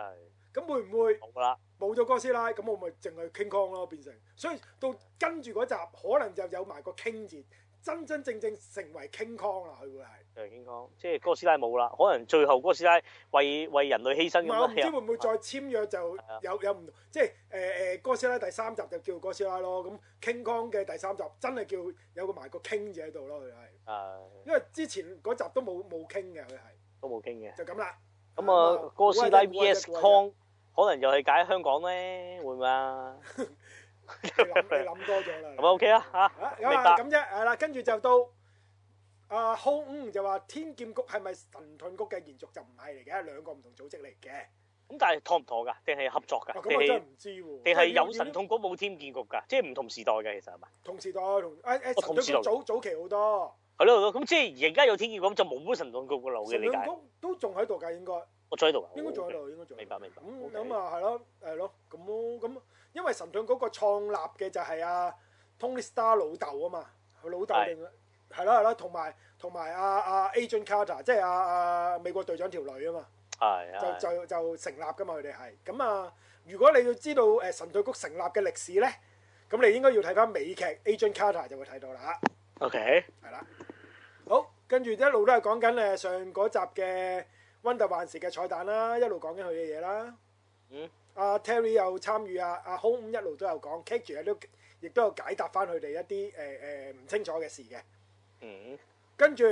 係，咁會唔會冇啦？冇咗哥斯拉，咁我咪淨係 King Kong 咯，變成，所以到跟住嗰集可能就有埋個 King 字，真真正正成為 King Kong 啦，佢會係。係 King Kong 即係哥斯拉冇啦，可能最後哥斯拉為為人類犧牲咁樣。唔係，我唔知會唔會再簽約就有有唔同，即係誒誒哥斯拉第三集就叫哥斯拉咯，咁 King Kong 嘅第三集真係叫有個埋個 King 字喺度咯，佢係。啊，因為之前嗰集都冇冇傾嘅，佢係都冇傾嘅，就咁啦。咁啊，哥斯拉 VS 康可能又係解香港咧，會唔會啊？諗多咗啦，咁啊 OK 啦吓。咁啊咁啫，係啦，跟住就到啊空嗯就話天劍局係咪神盾局嘅延續，就唔係嚟嘅，兩個唔同組織嚟嘅。咁但係妥唔妥噶？定係合作噶？咁我真係唔知喎。定係有神盾局冇天劍局噶，即係唔同時代嘅，其實係咪？同時代同誒誒，都早早期好多。係咯，咁即係而家有天意咁，就冇咗神盾局個樓嘅理解。神盾局都仲喺度㗎，應該。我喺度。應該仲喺度，應該仲喺度。明白明白。咁、嗯 okay. 啊，係咯，係咯。咁咁，因為神盾局個創立嘅就係阿、啊、Tony Stark 老豆啊嘛，佢老豆定？嘅係啦係啦，同埋同埋阿阿 Agent Carter，即係阿阿美國隊長條女啊嘛係就就就成立㗎嘛，佢哋係咁啊。如果你要知道誒神盾局成立嘅歷史咧，咁你應該要睇翻美劇 Agent Carter 就會睇到啦。OK，係啦。跟住一路都係講緊誒上嗰集嘅《溫特幻視》嘅彩蛋啦，一路講緊佢嘅嘢啦。嗯。阿、啊、Terry 又參與啊，阿五，一路都有講，keep 住阿亦都有解答翻佢哋一啲誒誒唔清楚嘅事嘅。嗯。跟住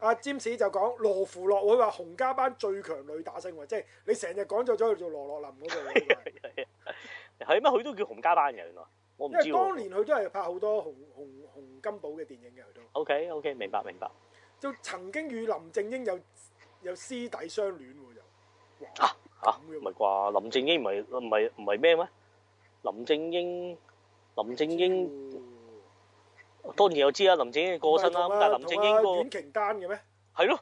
阿 James 就講羅芙洛，佢話洪家班最強女打星，即係你成日講咗咗佢做羅洛琳嗰個。係啊係啊。係乜？佢都叫洪家班嘅原來。我唔知、啊。因為當年佢都係拍好多洪洪洪金寶嘅電影嘅，佢都。O K O K，明白明白。明白就曾經與林正英有有私底相戀喎，就啊嚇唔係啩？林正英唔係唔係唔係咩咩？林正英林正英，當然有知啊！林正英過身啦，咁但係林正英，林正英，林正英個、啊正英那個啊啊、苑瓊丹嘅咩？係咯，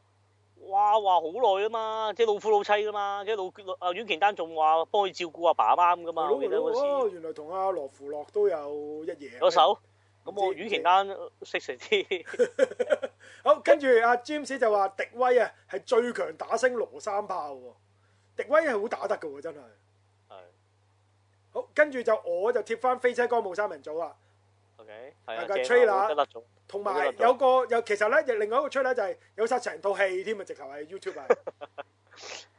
哇話好耐啊嘛，即係老夫老妻啊嘛，即係老啊苑瓊丹仲話幫佢照顧阿爸阿媽咁噶嘛，我記得個時。原來同阿、啊、羅芙洛都有一嘢、啊，一手咁、嗯、我苑瓊丹識食啲。 好，跟住阿 James 就話：迪威啊，係最強打星羅三炮喎。迪威係好打得㗎喎，真係。係。好，跟住就我就貼翻《飛車歌舞三人組》啊。OK。係啊。有有個 trailer。同埋有個又其實咧，又另外一個 trailer 就係有曬成套戲添啊，直頭係 YouTube 係。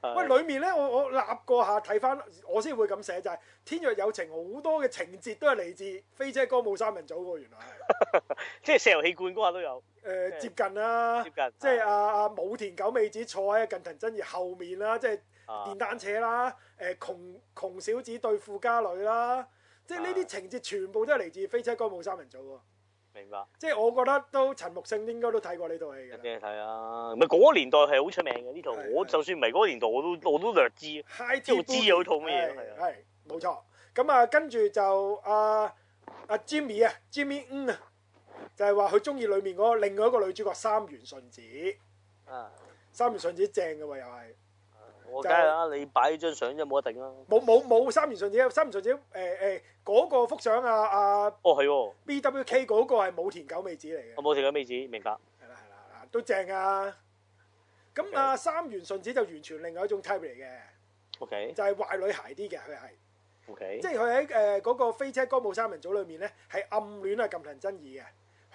係。喂，裡面咧，我我諗過下睇翻，我先會咁寫就係、是《天若有情》，好多嘅情節都係嚟自《飛車歌舞三人組》喎，原來係。 即係石油氣罐嗰下都有。誒、嗯、接近啦、啊，接近，即係阿阿武田久美子坐喺近藤真二後面啦、啊，即、就、係、是、電單車啦、啊，誒、啊啊、窮窮小子對富家女啦、啊，即係呢啲情節全部都係嚟自飛車歌舞三人組喎。明白。即、就、係、是、我覺得都陳木勝應該都睇過呢套戲。有啲睇啊，唔係嗰個年代係好出名嘅呢套，我就算唔係嗰個年代，我都我都略知。我知啊，有套咩嘢？係啊，係冇錯。咁啊，跟住就阿阿、啊啊、Jimmy 啊，Jimmy 嗯啊，就係話佢中意裏面嗰個另外一個女主角三原順子啊，三原順子正嘅喎，又係我梗係啦。你擺呢張相就冇得定啦，冇得頂，冇冇冇三原順子啊！三原順子誒誒嗰個幅相啊啊哦，係喎 BWK 嗰個係武田久美子嚟嘅，武田久美子，明白係啦係啦，都正㗎。咁啊，三原順子就完全另外一種 type 嚟嘅，就係壞女孩啲嘅佢係，即係佢喺誒嗰個飛車歌舞三人組裏面咧係暗戀啊，近藤真二嘅。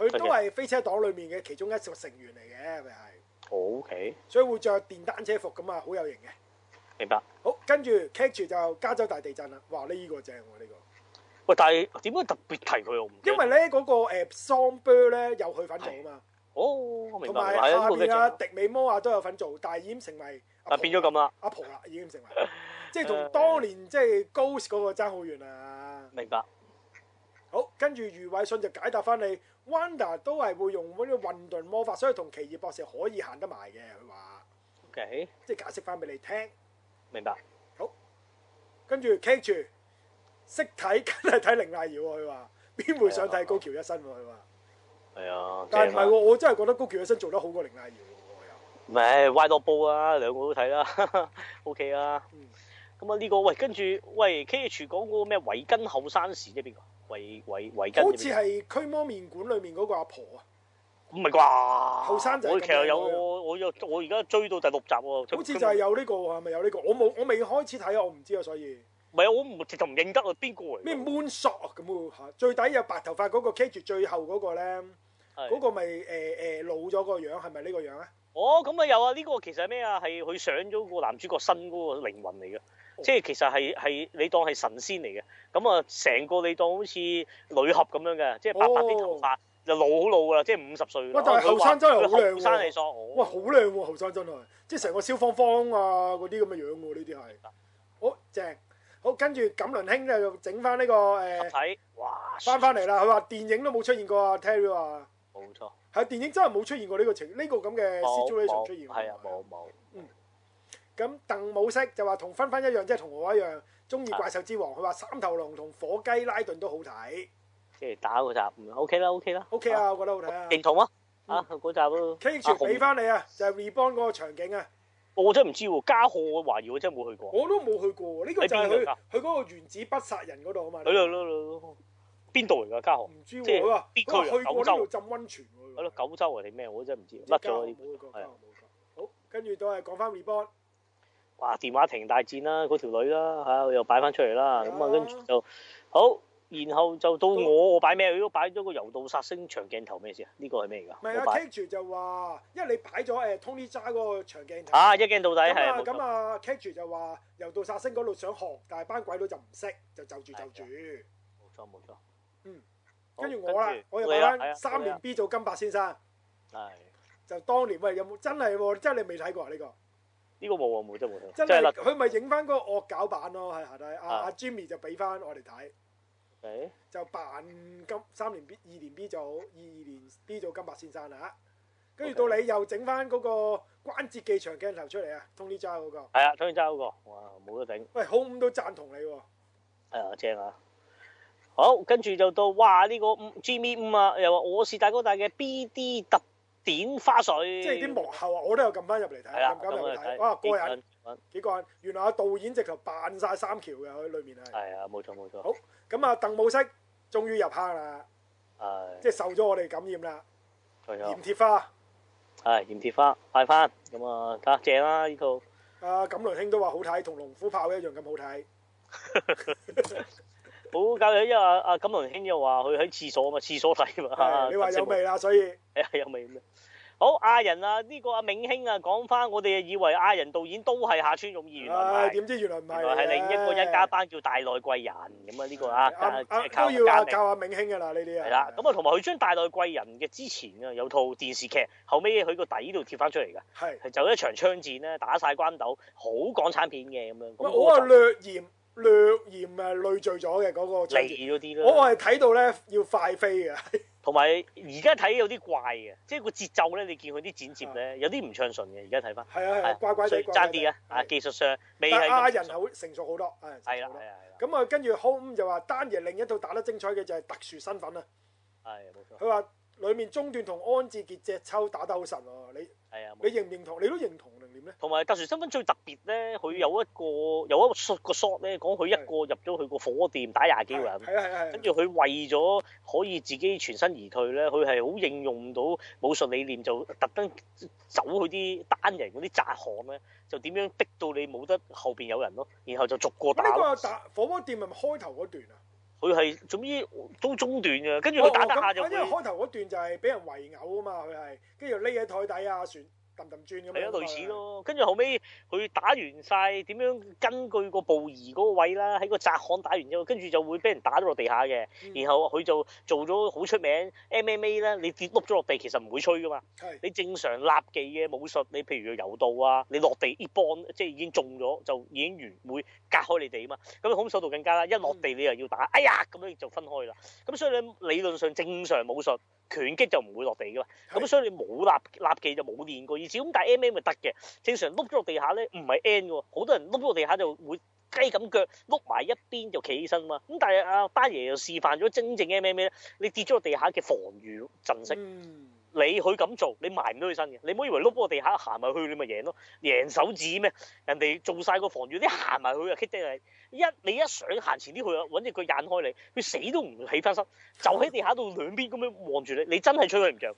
佢都係飛車黨裏面嘅其中一個成員嚟嘅，係咪係？O K。Okay. 所以會着電單車服咁啊，好有型嘅。明白。好，跟住 catch 住就加州大地震啦。哇，呢、呢個正喎、啊，呢、呢個。喂，但係點解特別提佢？我唔。因為咧嗰、嗰個 Songbird 咧、呃、有佢份做啊嘛。哦，我明白。同埋下邊啊、嗰個，迪美摩啊都有份做，但係已經成為。啊，變咗咁啦。阿婆 p 啦，已經成為， 即係同當年 即係 Ghost 嗰個爭好遠啊。明白。好，跟住余偉信就解答翻你，Wanda 都係會用嗰啲混沌魔法，所以同奇異博士可以行得埋嘅。佢話，OK，即係解釋翻俾你聽，明白。好，跟住 K H 識睇，梗係睇凌麗瑤喎。佢話邊會想睇高橋一生？佢話係啊，但係唔係我真係覺得高橋一生做得好過凌麗瑤喎。又唔係歪多波啊，兩個都睇啦。 OK 啊，咁啊呢個喂，跟住喂 K H 講嗰個咩維根後生事啫，邊個？好似係驅魔麵館裏面嗰個阿婆啊，唔係啩？後生仔，我其實有我有我而家追到第六集喎。好似就係有呢個係咪、啊、有呢個？我冇我未開始睇啊，我唔知啊，所以唔係啊，我唔直頭唔認得啊，邊個嚟？咩 Moonshot 啊咁啊吓？最底有白頭髮嗰個 keep 住最後嗰個咧，嗰個咪誒誒老咗個樣，係咪呢個樣咧？哦，咁啊有啊，呢個其實係咩啊？係佢上咗個男主角身嗰個靈魂嚟嘅。即係其實係係你當係神仙嚟嘅，咁啊成個你當好似女俠咁樣嘅，即係白白啲頭髮，oh. 就老好老啦，即係五十歲。哇！但係後生真係好靚喎，哇！好靚喎，後生真係、哦，即係成個蕭芳芳啊嗰啲咁嘅樣喎，呢啲係，好正，好跟住錦麟兄又整翻呢個誒，睇、呃，哇，翻翻嚟啦，佢話電影都冇出現過啊，Terry 話，冇錯，係，電影真係冇出現過呢、呢個情呢、呢個咁嘅 situation 冇出現過，係啊，冇冇。咁鄧冇識就話同分分一樣，即係同我一樣中意怪獸之王。佢話三頭龍同火雞拉頓都好睇，即係打嗰集。O K 啦，O K 啦，O K 啊，我覺得好睇啊！認同咯，啊嗰集咯。K 神俾翻你啊，就係 rebound 嗰個場景啊。我真係唔知喎，加號我懷疑我真係冇去過。我都冇去過喎，呢個就係佢佢嗰個原子不殺人嗰度啊嘛。喺度喺度喺度，邊度嚟㗎？加號唔知喎，佢話佢去過呢度浸温泉喎。係咯，九州定咩？我真係唔知，乜都冇。係啊，好，跟住都係講翻 rebound。哇！電話亭大戰啦、啊，嗰條女啦嚇、啊啊，又擺翻出嚟啦，咁啊，啊跟住就好，然後就到我，到我擺咩？如果擺咗個柔道殺星長鏡頭咩意思？呢、這個係咩嚟㗎？唔係啊 Catch 住就話，因為你擺咗誒 Tony 扎嗰個長鏡頭啊，一鏡到底係。咁啊 Catch 住就話柔道殺星嗰度想學，但係班鬼佬就唔識，就就住就住。冇錯冇錯。嗯，嗯跟住我啦，我又講三年 B 做金伯先生。係。就當年喂，有冇真係？真係、哦、你未睇過啊？呢、這個。呢、這個冇啊，冇真係冇。真係佢咪影翻嗰個惡搞版咯，喺下底。阿、啊、阿 Jimmy 就俾翻我哋睇。誒、okay？就扮金三年 B 二年 B 組，二二年 B 做金白先生啦。跟、okay, 住到你又整翻嗰個關節技長鏡頭出嚟啊、okay，Tony Jaa 嗰、那個。係啊，Tony Jaa 嗰個，哇，冇得頂。喂、哎，好五都贊同你喎。係啊，正啊。好，跟住就到哇！呢、這個五 Jimmy 五啊，又話我是大哥大嘅 BD 特。點花絮，即係啲幕後啊！我都有撳翻入嚟睇，撳咁入去睇，哇！個人幾個人，原來阿導演直頭扮晒三橋嘅，喺裏面係係啊，冇錯冇錯。好咁啊，鄧武色終於入坑啦，即係受咗我哋感染啦。冇錯。鹽鐵花係鹽鐵花，快翻咁啊，梗係正啦呢套。啊，錦雷兄都話好睇，同龍虎豹一樣咁好睇。好，因為阿金文兄又話佢喺廁所啊嘛，廁所睇啊嘛，你話有味啦，所以係 有味咁好，亞人啊，呢、呢個阿明兄啊，講翻我哋以為亞人導演都係夏川容治，原來唔係點，啊、知原來唔係，原來係另一個人加一家班叫大內貴人咁啊，呢、呢個啊，教、啊、要教阿明兄噶啦呢啲啊。係啦，咁啊，同埋佢將大內貴人嘅之前啊有套電視劇，後尾佢個底度貼翻出嚟噶，係就有一場槍戰啦，打晒關斗，好港產片嘅咁樣。喂、那個，我略略嫌誒累贅咗嘅嗰個，我係睇到咧要快飛嘅，同埋而家睇有啲怪嘅，即係個節奏咧，你見佢啲剪接咧、啊、有啲唔暢順嘅，而家睇翻係啊係啊，乖乖哋，爭啲啊啊技術上未係亞、啊、人口成熟好多係係啦係啊，咁啊跟住 Home 就話丹爺另一套打得精彩嘅就係特殊身份啊。係冇錯，佢話裡面中段同安志傑隻抽打得好神你係啊，你，你認唔認同？你都認同。同埋特殊身份最特別咧，佢有一個有一個 shot 咧，講佢一個入咗去個火鍋店打廿幾個人，係啊係係。跟住佢為咗可以自己全身而退咧，佢係好應用到武術理念，就特登走去啲單人嗰啲窄巷咧，就點樣逼到你冇得後邊有人咯，然後就逐個打。呢個打火鍋店係咪開頭嗰段啊？佢係總之都中，中，中段嘅，跟住佢打打下就會。哦哦、因為開頭嗰段就係俾人圍毆啊嘛，佢係跟住匿喺台底啊算。船氹氹轉咁樣，係啊，類似咯。跟住後尾，佢打完晒點樣根據個步移嗰個位啦，喺個窄巷打完之後，跟住就會俾人打咗落地下嘅、嗯。然後佢就做咗好出名 MMA 啦。你跌碌咗落地，其實唔會吹噶嘛。你正常立技嘅武術，你譬如要柔道啊，你落地一磅即係已經中咗，就已經完會隔開你哋啊嘛。咁空手道更加啦，一落地你又要打，嗯、哎呀咁樣就分開啦。咁所以你理論上正常武術拳擊就唔會落地噶嘛。咁所以你冇立立技就冇練過。而小咁，但係 M M 咪得嘅，正常碌咗落地下咧，唔係 N 嘅喎。好多人碌咗落地下就會雞咁腳，碌埋一邊就企起身嘛。咁但係阿班爺又示範咗真正 M M 咧，你跌咗落地下嘅防禦陣式，嗯、你去咁做，你埋唔到佢身嘅。你唔好以為碌咗落地下行埋去你咪贏咯，贏手指咩？人哋做晒個防禦，你行埋去啊 k i t 一你一想行前啲去啊，揾隻腳掗開你，佢死都唔起翻身，就喺地下度兩邊咁樣望住你，你真係吹佢唔着。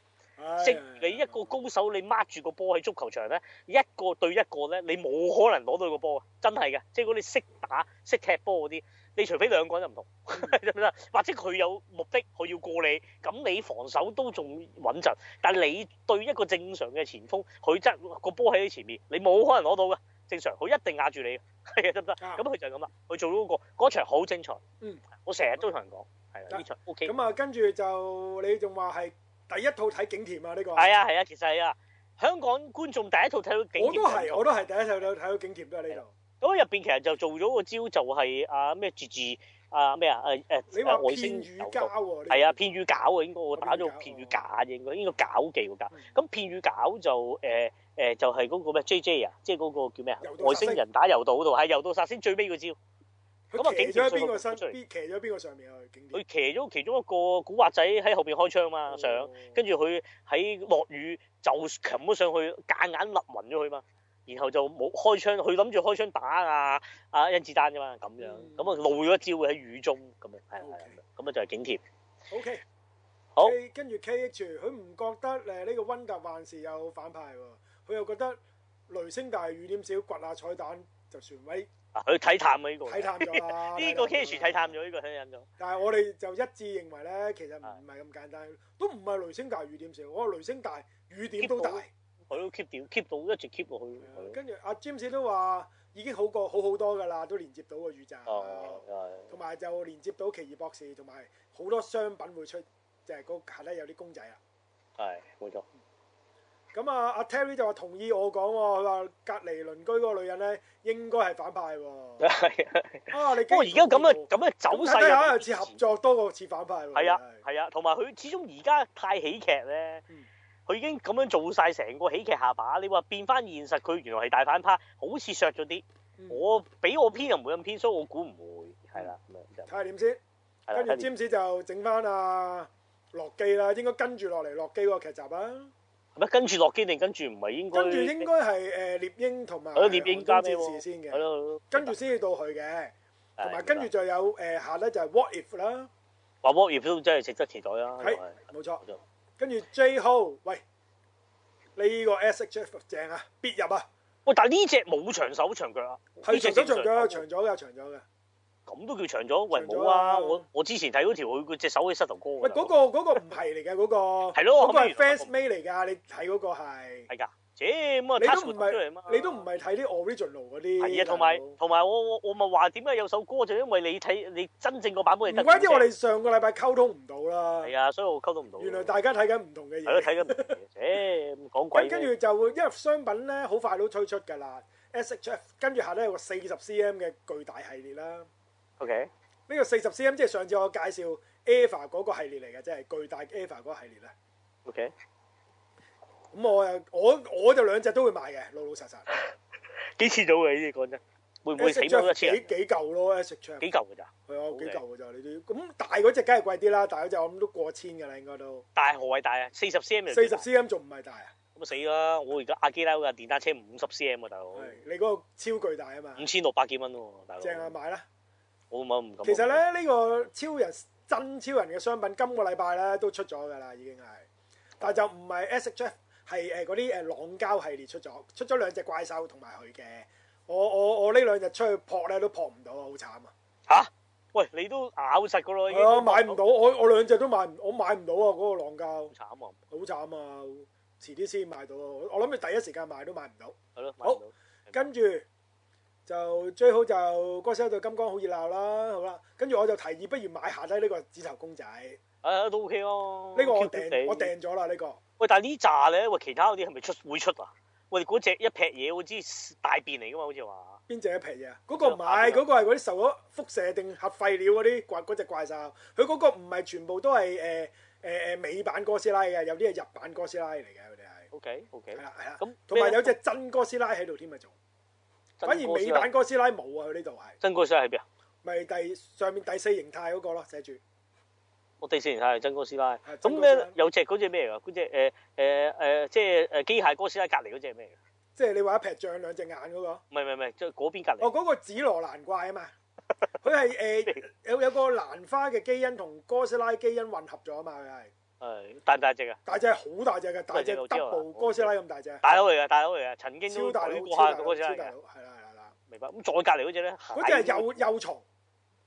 哎、即你一個高手，你抹住個波喺足球場咧，一個對一個咧，你冇可能攞到個波，真係嘅。即係如果你識打、識踢波嗰啲，你除非兩個人就唔同，得唔得？或者佢有目的，佢要過你，咁你防守都仲穩陣。但係你對一個正常嘅前鋒，佢真、就係波喺你前面，你冇可能攞到嘅。正常，佢一定壓住你，係啊，得唔得？咁佢就係咁啦。佢做到、嗰個，嗰場好精彩。嗯，我成日都同人講，係啊，呢場 OK。咁啊，跟住就你仲話係。第一套睇景甜啊！呢、這個係啊係啊，其實係啊，香港觀眾第一套睇到景甜。我都係，我都係第一套睇到景甜噶喺呢度。咁入邊其實就做咗個招、就係，就係啊咩字字啊咩啊誒誒外星人。你話係啊，片雨、啊、搞啊，應該我打咗片雨假，應該應該搞技喎搞。咁片雨搞就誒誒、呃呃，就係、是、嗰個咩 J J 啊，即係嗰個叫咩外星人打柔道嗰度，係柔道柔道殺先最尾個招。咁啊！警貼喺嚟，騎咗邊個身上邊？騎咗邊個上面？啊？警佢騎咗其中一個古惑仔喺後邊開槍嘛，上、哦、跟住佢喺落雨就擒咗上去，夾硬，硬立暈咗佢嘛，然後就冇開槍，佢諗住開槍打啊啊甄子丹啫嘛，咁樣咁啊、嗯嗯、露咗一招喺雨中咁啊，係係咁啊就係警貼。O、okay. K，好。跟住 K H，佢唔覺得誒呢個温格萬事有反派喎，佢又覺得雷聲大雨點小，掘下彩蛋就船威。佢、啊、睇淡嘅呢、這個，睇淡咗啦。呢 個 cash 睇淡咗，呢、這個睇忍咗。但係我哋就一致認為咧，其實唔係咁簡單，都唔係雷聲大雨點小，我話雷聲大雨點都大。佢都 keep 住，keep 到，到一直 keep 落去。跟住阿、啊、James 都話已經好過好好多噶啦，都連接到個宇宙。哦，同埋就連接到奇異博士，同埋好多商品會出，就係嗰架咧，有啲公仔啦。係，冇錯。咁啊，阿 Terry 就話同意我講喎、哦，佢話隔籬鄰居嗰個女人咧應該係反派喎、哦。 啊，你怕不怕我而家咁樣咁樣走勢，又似合作多過似反派。係啊，係啊，同埋佢始終而家太喜劇咧，佢、嗯、已經咁樣做晒成個喜劇下巴。你話變翻現實，佢原來係大反派，好似削咗啲、嗯。我俾我編，又唔會咁編，所以我估唔會。係啦，咁、嗯、樣睇下點先。跟住 James 就整翻阿洛基啦，應該跟住落嚟洛基個劇集啊。係唔係跟住落機定跟住唔係應該跟住應該係誒獵鷹同埋獵鷹加咩喎？跟住先至到去嘅，同埋跟住就有誒下咧就係 What If 啦。話 What If 都真係值得期待啦、啊，係冇錯,錯。跟住 Jho，喂你呢個 S H F 正啊，必入啊！喂，但係呢隻冇長手長腳啊，長手長腳長咗嘅長咗嘅。長咁都叫長咗喂，冇啊！我我之前睇嗰條佢佢隻手起膝頭哥。喂，嗰個嗰個唔係嚟㗎，嗰個係咯，嗰個 fans made 嚟㗎。你睇嗰個係係㗎，咁啊 touch out 出嚟啊嘛！你都唔係睇啲 original 嗰啲係啊，同埋同埋我我我咪話點解有首歌就因為你睇你真正個版本，你唔關事。我哋上個禮拜溝通唔到啦，係啊，所以我溝通唔到。原來大家睇緊唔同嘅嘢，係咯，睇緊唔同嘢。誒講鬼。跟住就會因為商品咧，好快都推出㗎啦。SHF 跟住下咧有個四十 cm 嘅巨大系列啦。OK，呢個四十 CM 即係上次我介紹 EVA 嗰個系列嚟嘅，即係巨大 EVA 嗰個系列咧。OK，咁我又我我就兩隻都會買嘅，老老實實。幾千組嘅呢？講真，會唔會幾幾舊咯？A 食窗幾舊嘅咋？係啊，幾舊嘅就呢啲。咁大嗰隻梗係貴啲啦，大嗰隻我諗都過千嘅啦，應該都。大何謂大啊？四十 CM，四十 CM 仲唔係大啊？咁咪死啦！我而家阿基拉嗰架電單車五十 CM 啊，大佬。你嗰個超巨大啊嘛！五千六百幾蚊喎，大佬。正啊，買啦！其實咧呢個超人真超人嘅商品今個禮拜咧都出咗噶啦，已經係，但係就唔係 SHF，係誒嗰啲誒浪膠系列出咗，出咗兩隻怪獸同埋佢嘅。我我我呢兩日出去撲咧都撲唔到，好慘啊！吓，啊？喂，你都咬實噶咯？係啊，買唔到，我我兩隻都買唔，我買唔到啊！嗰個浪膠，好慘啊，好慘啊！遲啲先買到，我諗你第一時間買都買唔到。係咯，好，跟住。就最好就哥斯拉對金剛好熱鬧啦，好啦，跟住我就提議，不如買下低呢個指頭公仔。哎呀，都 OK 咯。呢個我訂我訂咗啦，呢個。喂，但係呢扎咧，喂，其他嗰啲係咪出會出啊？喂，嗰隻一劈嘢，我知大便嚟噶嘛，好似話。邊隻一劈嘢啊？嗰個唔係，嗰個係嗰啲受咗輻射定核廢料嗰啲怪嗰隻怪獸。佢嗰個唔係全部都係誒誒誒美版哥斯拉嘅，有啲係日版哥斯拉嚟嘅，佢哋係。OK OK。係啦係啦。咁。咩？同埋有隻真哥斯拉喺度添啊仲。反而美版哥斯拉冇啊，佢呢度係。真哥斯拉喺邊啊？咪、就是、第上面第四形態嗰個咯，寫住。我、哦、第四形態係真哥斯拉。咁呢？有隻嗰隻咩嚟噶？嗰隻誒誒誒，即係誒機械哥斯拉隔籬嗰隻係咩嚟？即係你話一劈像兩隻眼嗰、嗰個？唔係唔係唔係，就嗰邊隔籬。哦，嗰、嗰個係紫羅蘭怪啊嘛，佢係誒有有個蘭花嘅基因同哥斯拉基因混合咗啊嘛，佢係。誒、嗯，大唔大隻啊？大隻，好大隻嘅，大隻，德布哥斯拉咁大隻。大佬嚟嘅，大佬嚟嘅，曾經都舉過下超大佬。超大超大拉嘅。係啦係啦，明白。咁再隔籬嗰隻咧？嗰隻係幼幼蟲，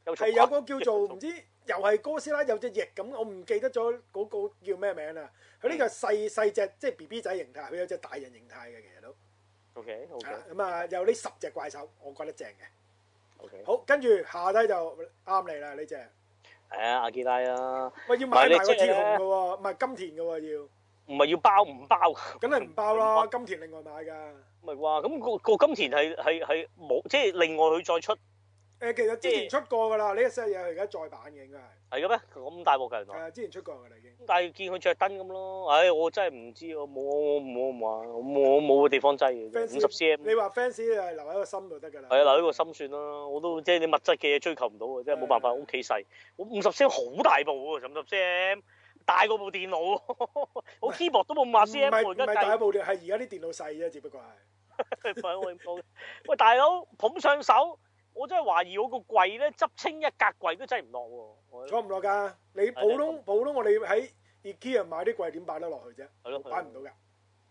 係有個叫做唔知，又係哥斯拉，有隻翼咁，我唔記得咗嗰個叫咩名啦。佢、嗯、呢個細細隻，即係 B B 仔形態，佢有隻大人形態嘅，其實都。OK OK。咁啊，有呢十隻怪獸，我覺得正嘅。OK。好，跟住下低就啱你啦呢隻。係啊，阿基拉啦，喂，要買埋個鐵紅噶喎，唔係金田噶喎要，唔係要包唔包？梗係唔包啦，金田另外買噶。唔係啩？咁個個金田係係係冇，即係另外佢再出。誒，其實之前出過噶啦，呢個新嘢，而家再版嘅應該係。係嘅咩？咁大鑊嘅原來。誒，之前出過嘅嚟嘅。但係見佢着燈咁咯，唉、哎，我真係唔知，我冇冇冇冇，我冇個地方擠，五十 cm。你話 fans 就留喺個心就得㗎啦。係留喺個心算啦，我都即係你物質嘅嘢追求唔到嘅，真係冇辦法屋企細。我五十 cm 好大部喎，五十 cm 大過部電腦， 我 keyboard 都冇五 cm。唔係唔係大部電腦係而家啲電腦細啫，只不過係。 喂，大佬，捧上手，我真係懷疑我個櫃咧執清一格櫃都擠唔落喎。坐唔落噶，你普通普通我哋喺 IKEA 買啲櫃點擺得落去啫，係囉，擺唔到噶，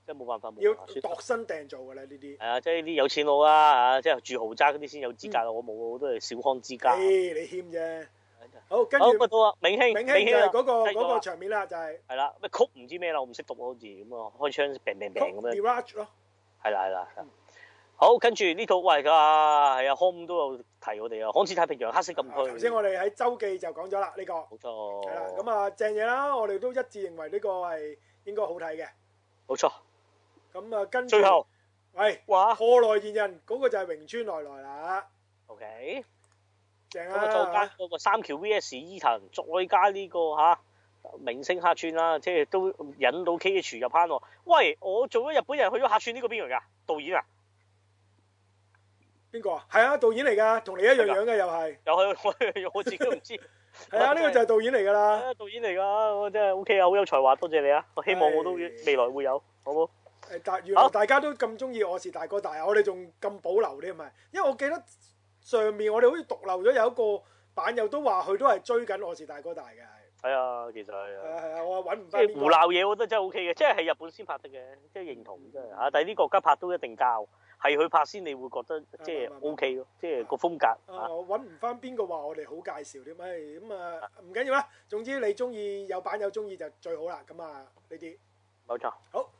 即係冇辦法，要度身訂做噶啦呢啲。係啊，即係呢啲有錢佬啦吓，即係住豪宅嗰啲先有資格咯。我冇，我都係小康之家。誒，你謙啫。好，跟住好乜都啊，明興明興就嗰個嗰個場面啦，就係係啦咩曲唔知咩啦，我唔識讀嗰字咁啊，開槍病病病咁樣。曲 drage 咯。係啦係啦。好，跟住呢套㗎，係啊，home、啊、都有提我哋啊，悍戰太平洋黑色禁，區、啊。頭先我哋喺周記就講咗啦，呢、這個冇錯，啦、啊，咁啊正嘢啦，我哋都一致認為呢個係應該好睇嘅，冇錯。咁啊，跟最後，喂，哇賀來賢人嗰、那個就係榮倉奈奈啦。OK，正啦、啊。再加個三橋 V.S.、啊、伊藤，再加呢、這個嚇、啊、明星客串啦，即係都引到 K.H -K 入坑喎、啊。喂，我做咗日本人去咗客串呢個邊嚟㗎？導演啊？邊個、啊？係啊，導演嚟噶，同你一樣樣嘅又係，又係我 我自己都唔知。係啊，呢個就係導演嚟噶啦。導演嚟噶，我真係 O K 啊，好有才華，多謝你啊！我希望我都未來會有，好唔好？誒，但原來大家都咁中意《我是大哥大》，我哋仲咁保留添咪？因為我記得上面我哋好似獨漏咗有一個版友都話佢都係追緊《我是大哥大》嘅。係啊，其實係。係啊，我揾唔翻。胡鬧嘢，我覺得真係 O K 嘅，即係係日本先拍得嘅，即係認同，真係。啊，但係啲國家拍都一定教。係去拍先，你會覺得即係 O K 咯，即係個風格。啊，搵唔翻邊個話我哋好介紹添？咁啊，唔緊要啦。總之你中意有版友中意就最好啦。咁啊，呢啲冇錯。好，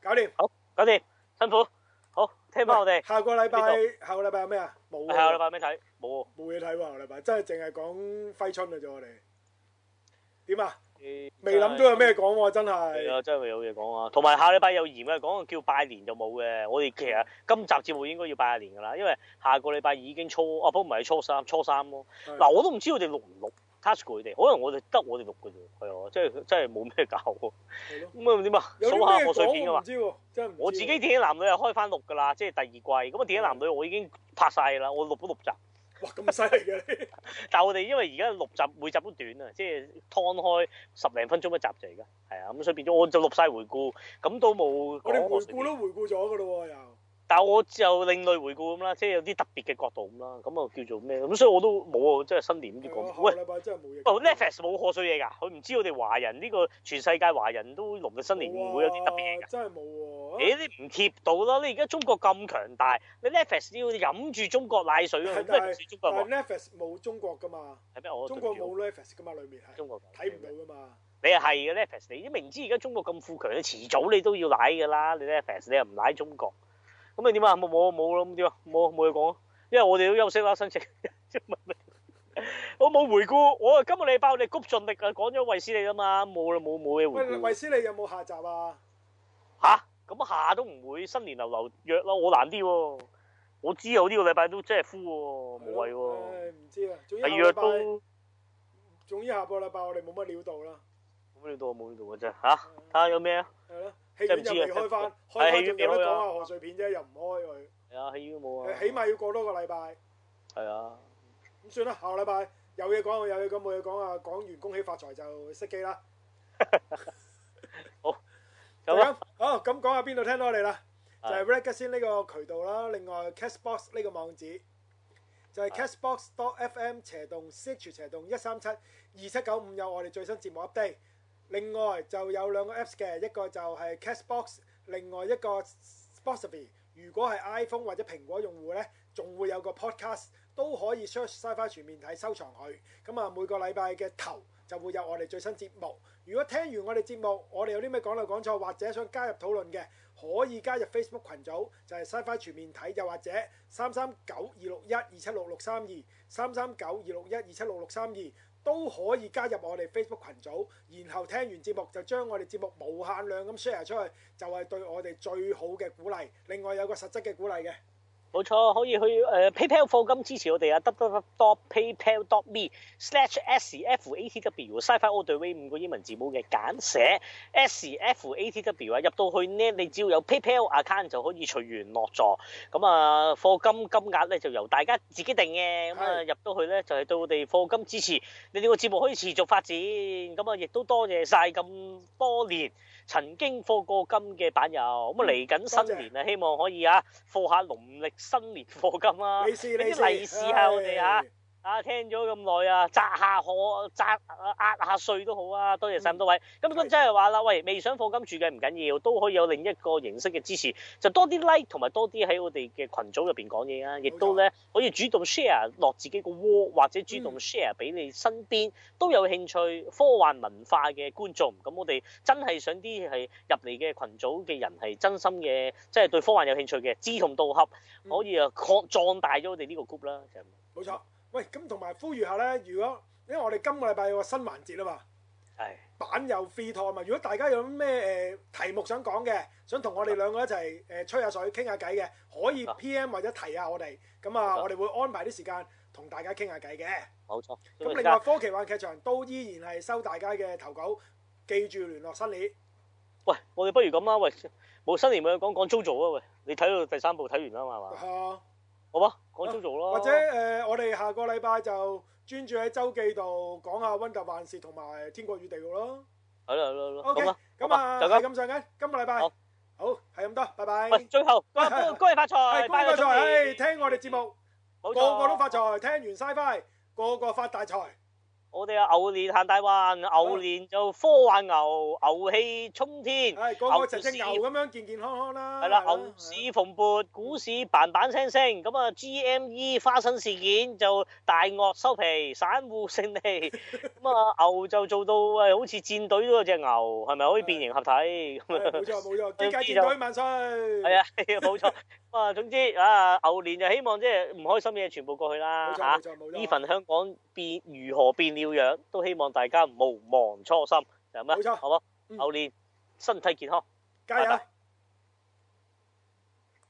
搞掂。好，搞掂。辛苦。好，聽返我哋。下個禮拜，下個禮拜有咩啊？冇。下個禮拜有咩睇？冇。冇嘢睇喎，下個禮拜真係淨係講揮春啊！啫，我哋點啊？未諗到有咩講喎，真係，係啊，真係未有嘢講啊。同埋下禮拜有嚴嘅講，叫拜年就冇嘅。我哋其實今集節目應該要拜下年噶啦，因為下個禮拜已經初，啊，不過唔係初三，初三咯，哦。嗱、啊，我都唔知佢哋錄唔錄，touch 佢哋，可能我哋得我哋錄嘅啫。係啊，即係，即係冇咩搞。咁啊點啊？數下賀歲片噶嘛。唔知我自己電影男女又開翻錄噶啦，即係第二季。咁啊，電影男女我已經拍晒啦，我錄咗六集。哇，咁犀利嘅！ 但係我哋因為而家六集每集都短啊，即係劏開十零分鐘一集就而家，係啊，咁所以變咗我就錄曬回顧，咁到冇。我哋回顧都回顧咗㗎咯喎，又。但我就另類回顧咁啦，即係有啲特別嘅角度咁啦，咁啊叫做咩咁？所以我都冇啊，即係新年啲講。喂，禮拜真係冇嘢。哦，Netflix 冇賀歲嘢㗎，佢唔知我哋華人呢、呢個全世界華人都農曆新年會有啲特別嘢㗎。真係冇喎。誒、欸，你唔貼到啦！你而家中國咁強大，你 Netflix 你要飲住中國奶水啊？係咪 Netflix 冇中國㗎嘛？係咩？我中國冇 Netflix 㗎嘛？裡面係。中國睇唔到㗎嘛？你係嘅 Netflix，你明知而家中國咁富強，你遲早你都要奶㗎啦，你 Netflix 你又唔奶中國。咁你點啊？冇冇冇咯？咁點啊？冇冇嘢講，因為我哋都休息啦，申請。我冇回顧，我今個禮拜我哋谷盡力講咗維斯利啦嘛，冇啦冇冇嘢回顧。喂，維斯利有冇下集啊？吓、啊，咁下都唔會，新年流流約咯，我難啲喎。我知啊，我呢個禮拜都真係敷喎、啊，冇謂喎。唉、啊，唔、哎、知啦，總之下個禮拜我哋冇乜料到啦。冇乜料到，冇乜料到真係吓，睇下有咩啊？戲院又未開翻，開翻就唔得講下賀歲片啫，又唔開佢。係啊，戲院冇啊，啊，啊，啊。起碼要過多個禮拜。係啊。咁、嗯、算啦，下個禮拜有嘢講就有嘢講，冇嘢講啊，講完恭喜發財就熄機啦。 好。咁樣 好，咁講下邊度聽到你啦，就係 Ragazine 呢個渠道啦，另外 Castbox 呢個網址就係、是、Castbox.fm 斜洞 search 斜洞一三七二七九五有我哋最新節目 update。另外就有兩個 Apps 嘅，一個就係 Castbox，另外一個 Spotify。如果係 iPhone 或者蘋果用戶呢，仲會有一個 Podcast 都可以 search Sci-Fi 全面睇收藏佢。咁啊，每個禮拜嘅頭就會有我哋最新節目。如果聽完我哋節目，我哋有啲咩講漏講錯或者想加入討論嘅，可以加入 Facebook 群組，就係、是、Sci-Fi 全面睇，又或者三三九二六一二七六六三二三三九二六一二七六六三二。都可以加入我哋 Facebook 群組，然後聽完節目就將我哋節目無限量咁 share 出去，就係對我哋最好嘅鼓勵，另外有個實質嘅鼓勵嘅。冇錯，可以去 PayPal 課金支持我哋啊，www.paypal.me/sfatw，sci-fi all the way 五個英文字母嘅簡寫，sfatw 啊，入到去呢，你只要有 PayPal account 就可以隨緣落座。咁啊，課金金額咧就由大家自己定嘅。咁啊，入到去咧就係、是、對我哋課金支持，你哋個節目可以持續發展。咁啊，亦都多謝晒咁多年。曾經課過金嘅版友，咁嚟緊新年，謝謝，希望可以啊課下農曆新年課金啊，俾啲利是下我哋啊！哎哎哎哎啊！聽咗咁耐啊，砸下貨、砸、啊、壓下碎都好啊！多謝晒，咁多位。咁如真係話啦，喂，未想課金住嘅唔緊要，都可以有另一個形式嘅支持，就多啲 like 同埋多啲喺我哋嘅群組入邊講嘢啊！亦都咧可以主動 share 落自己個窩，或者主動 share 俾你身邊、嗯、都有興趣科幻文化嘅觀眾。咁我哋真係想啲係入嚟嘅群組嘅人係真心嘅，即係對科幻有興趣嘅，志同道合，嗯、可以擴、啊、壯大咗我哋呢個 group 啦。冇錯。喂，咁同埋呼籲下咧，如果因為我哋今個禮拜有個新環節啊嘛，係版友 free talk 啊嘛，如果大家有咩誒題目想講嘅，想同我哋兩個一齊誒吹下水，傾下偈嘅，可以 PM 或者提下我哋，咁啊，我哋會安排啲時間同大家傾下偈嘅。冇錯。咁另外科奇幻劇場都依然係收大家嘅投稿，記住聯絡新年。喂，我哋不如咁啦，喂，冇新年冇講講 JoJo 啊喂，你睇到第三部睇完啦嘛，係嘛？係啊。好嘛，講周遭咯。或者誒，我哋下個禮拜就專注喺周記度講下《汪達與幻視》同埋《天國與地獄》咯。好咯，好咯，OK，咁啊，就咁，係咁上緊。今個禮拜好，好係咁多，拜拜。最後，恭喜發財，恭喜發財，聽我哋節目，個個都發財。聽完曬拜，個個發大財。我哋牛年行大運，牛年就科幻牛，牛氣沖天。哎，講、那個牛咁樣健健康康啦。係啦，牛市蓬勃，股市板板聲聲。咁啊，GME 花生事件就大鱷收皮，散戶勝利。咁啊，牛就做到誒，好似戰隊嗰隻牛，係咪可以變形合體？冇錯冇錯，啲雞、哎、戰隊萬歲！係啊，冇錯。 啊，總之啊，牛年就希望即係唔開心嘅嘢全部過去啦，吓呢份香港變如何變了樣，都希望大家無忘初心，係咪？冇錯、就咁啦、好唔好、嗯？牛年身體健康，加油！拜拜。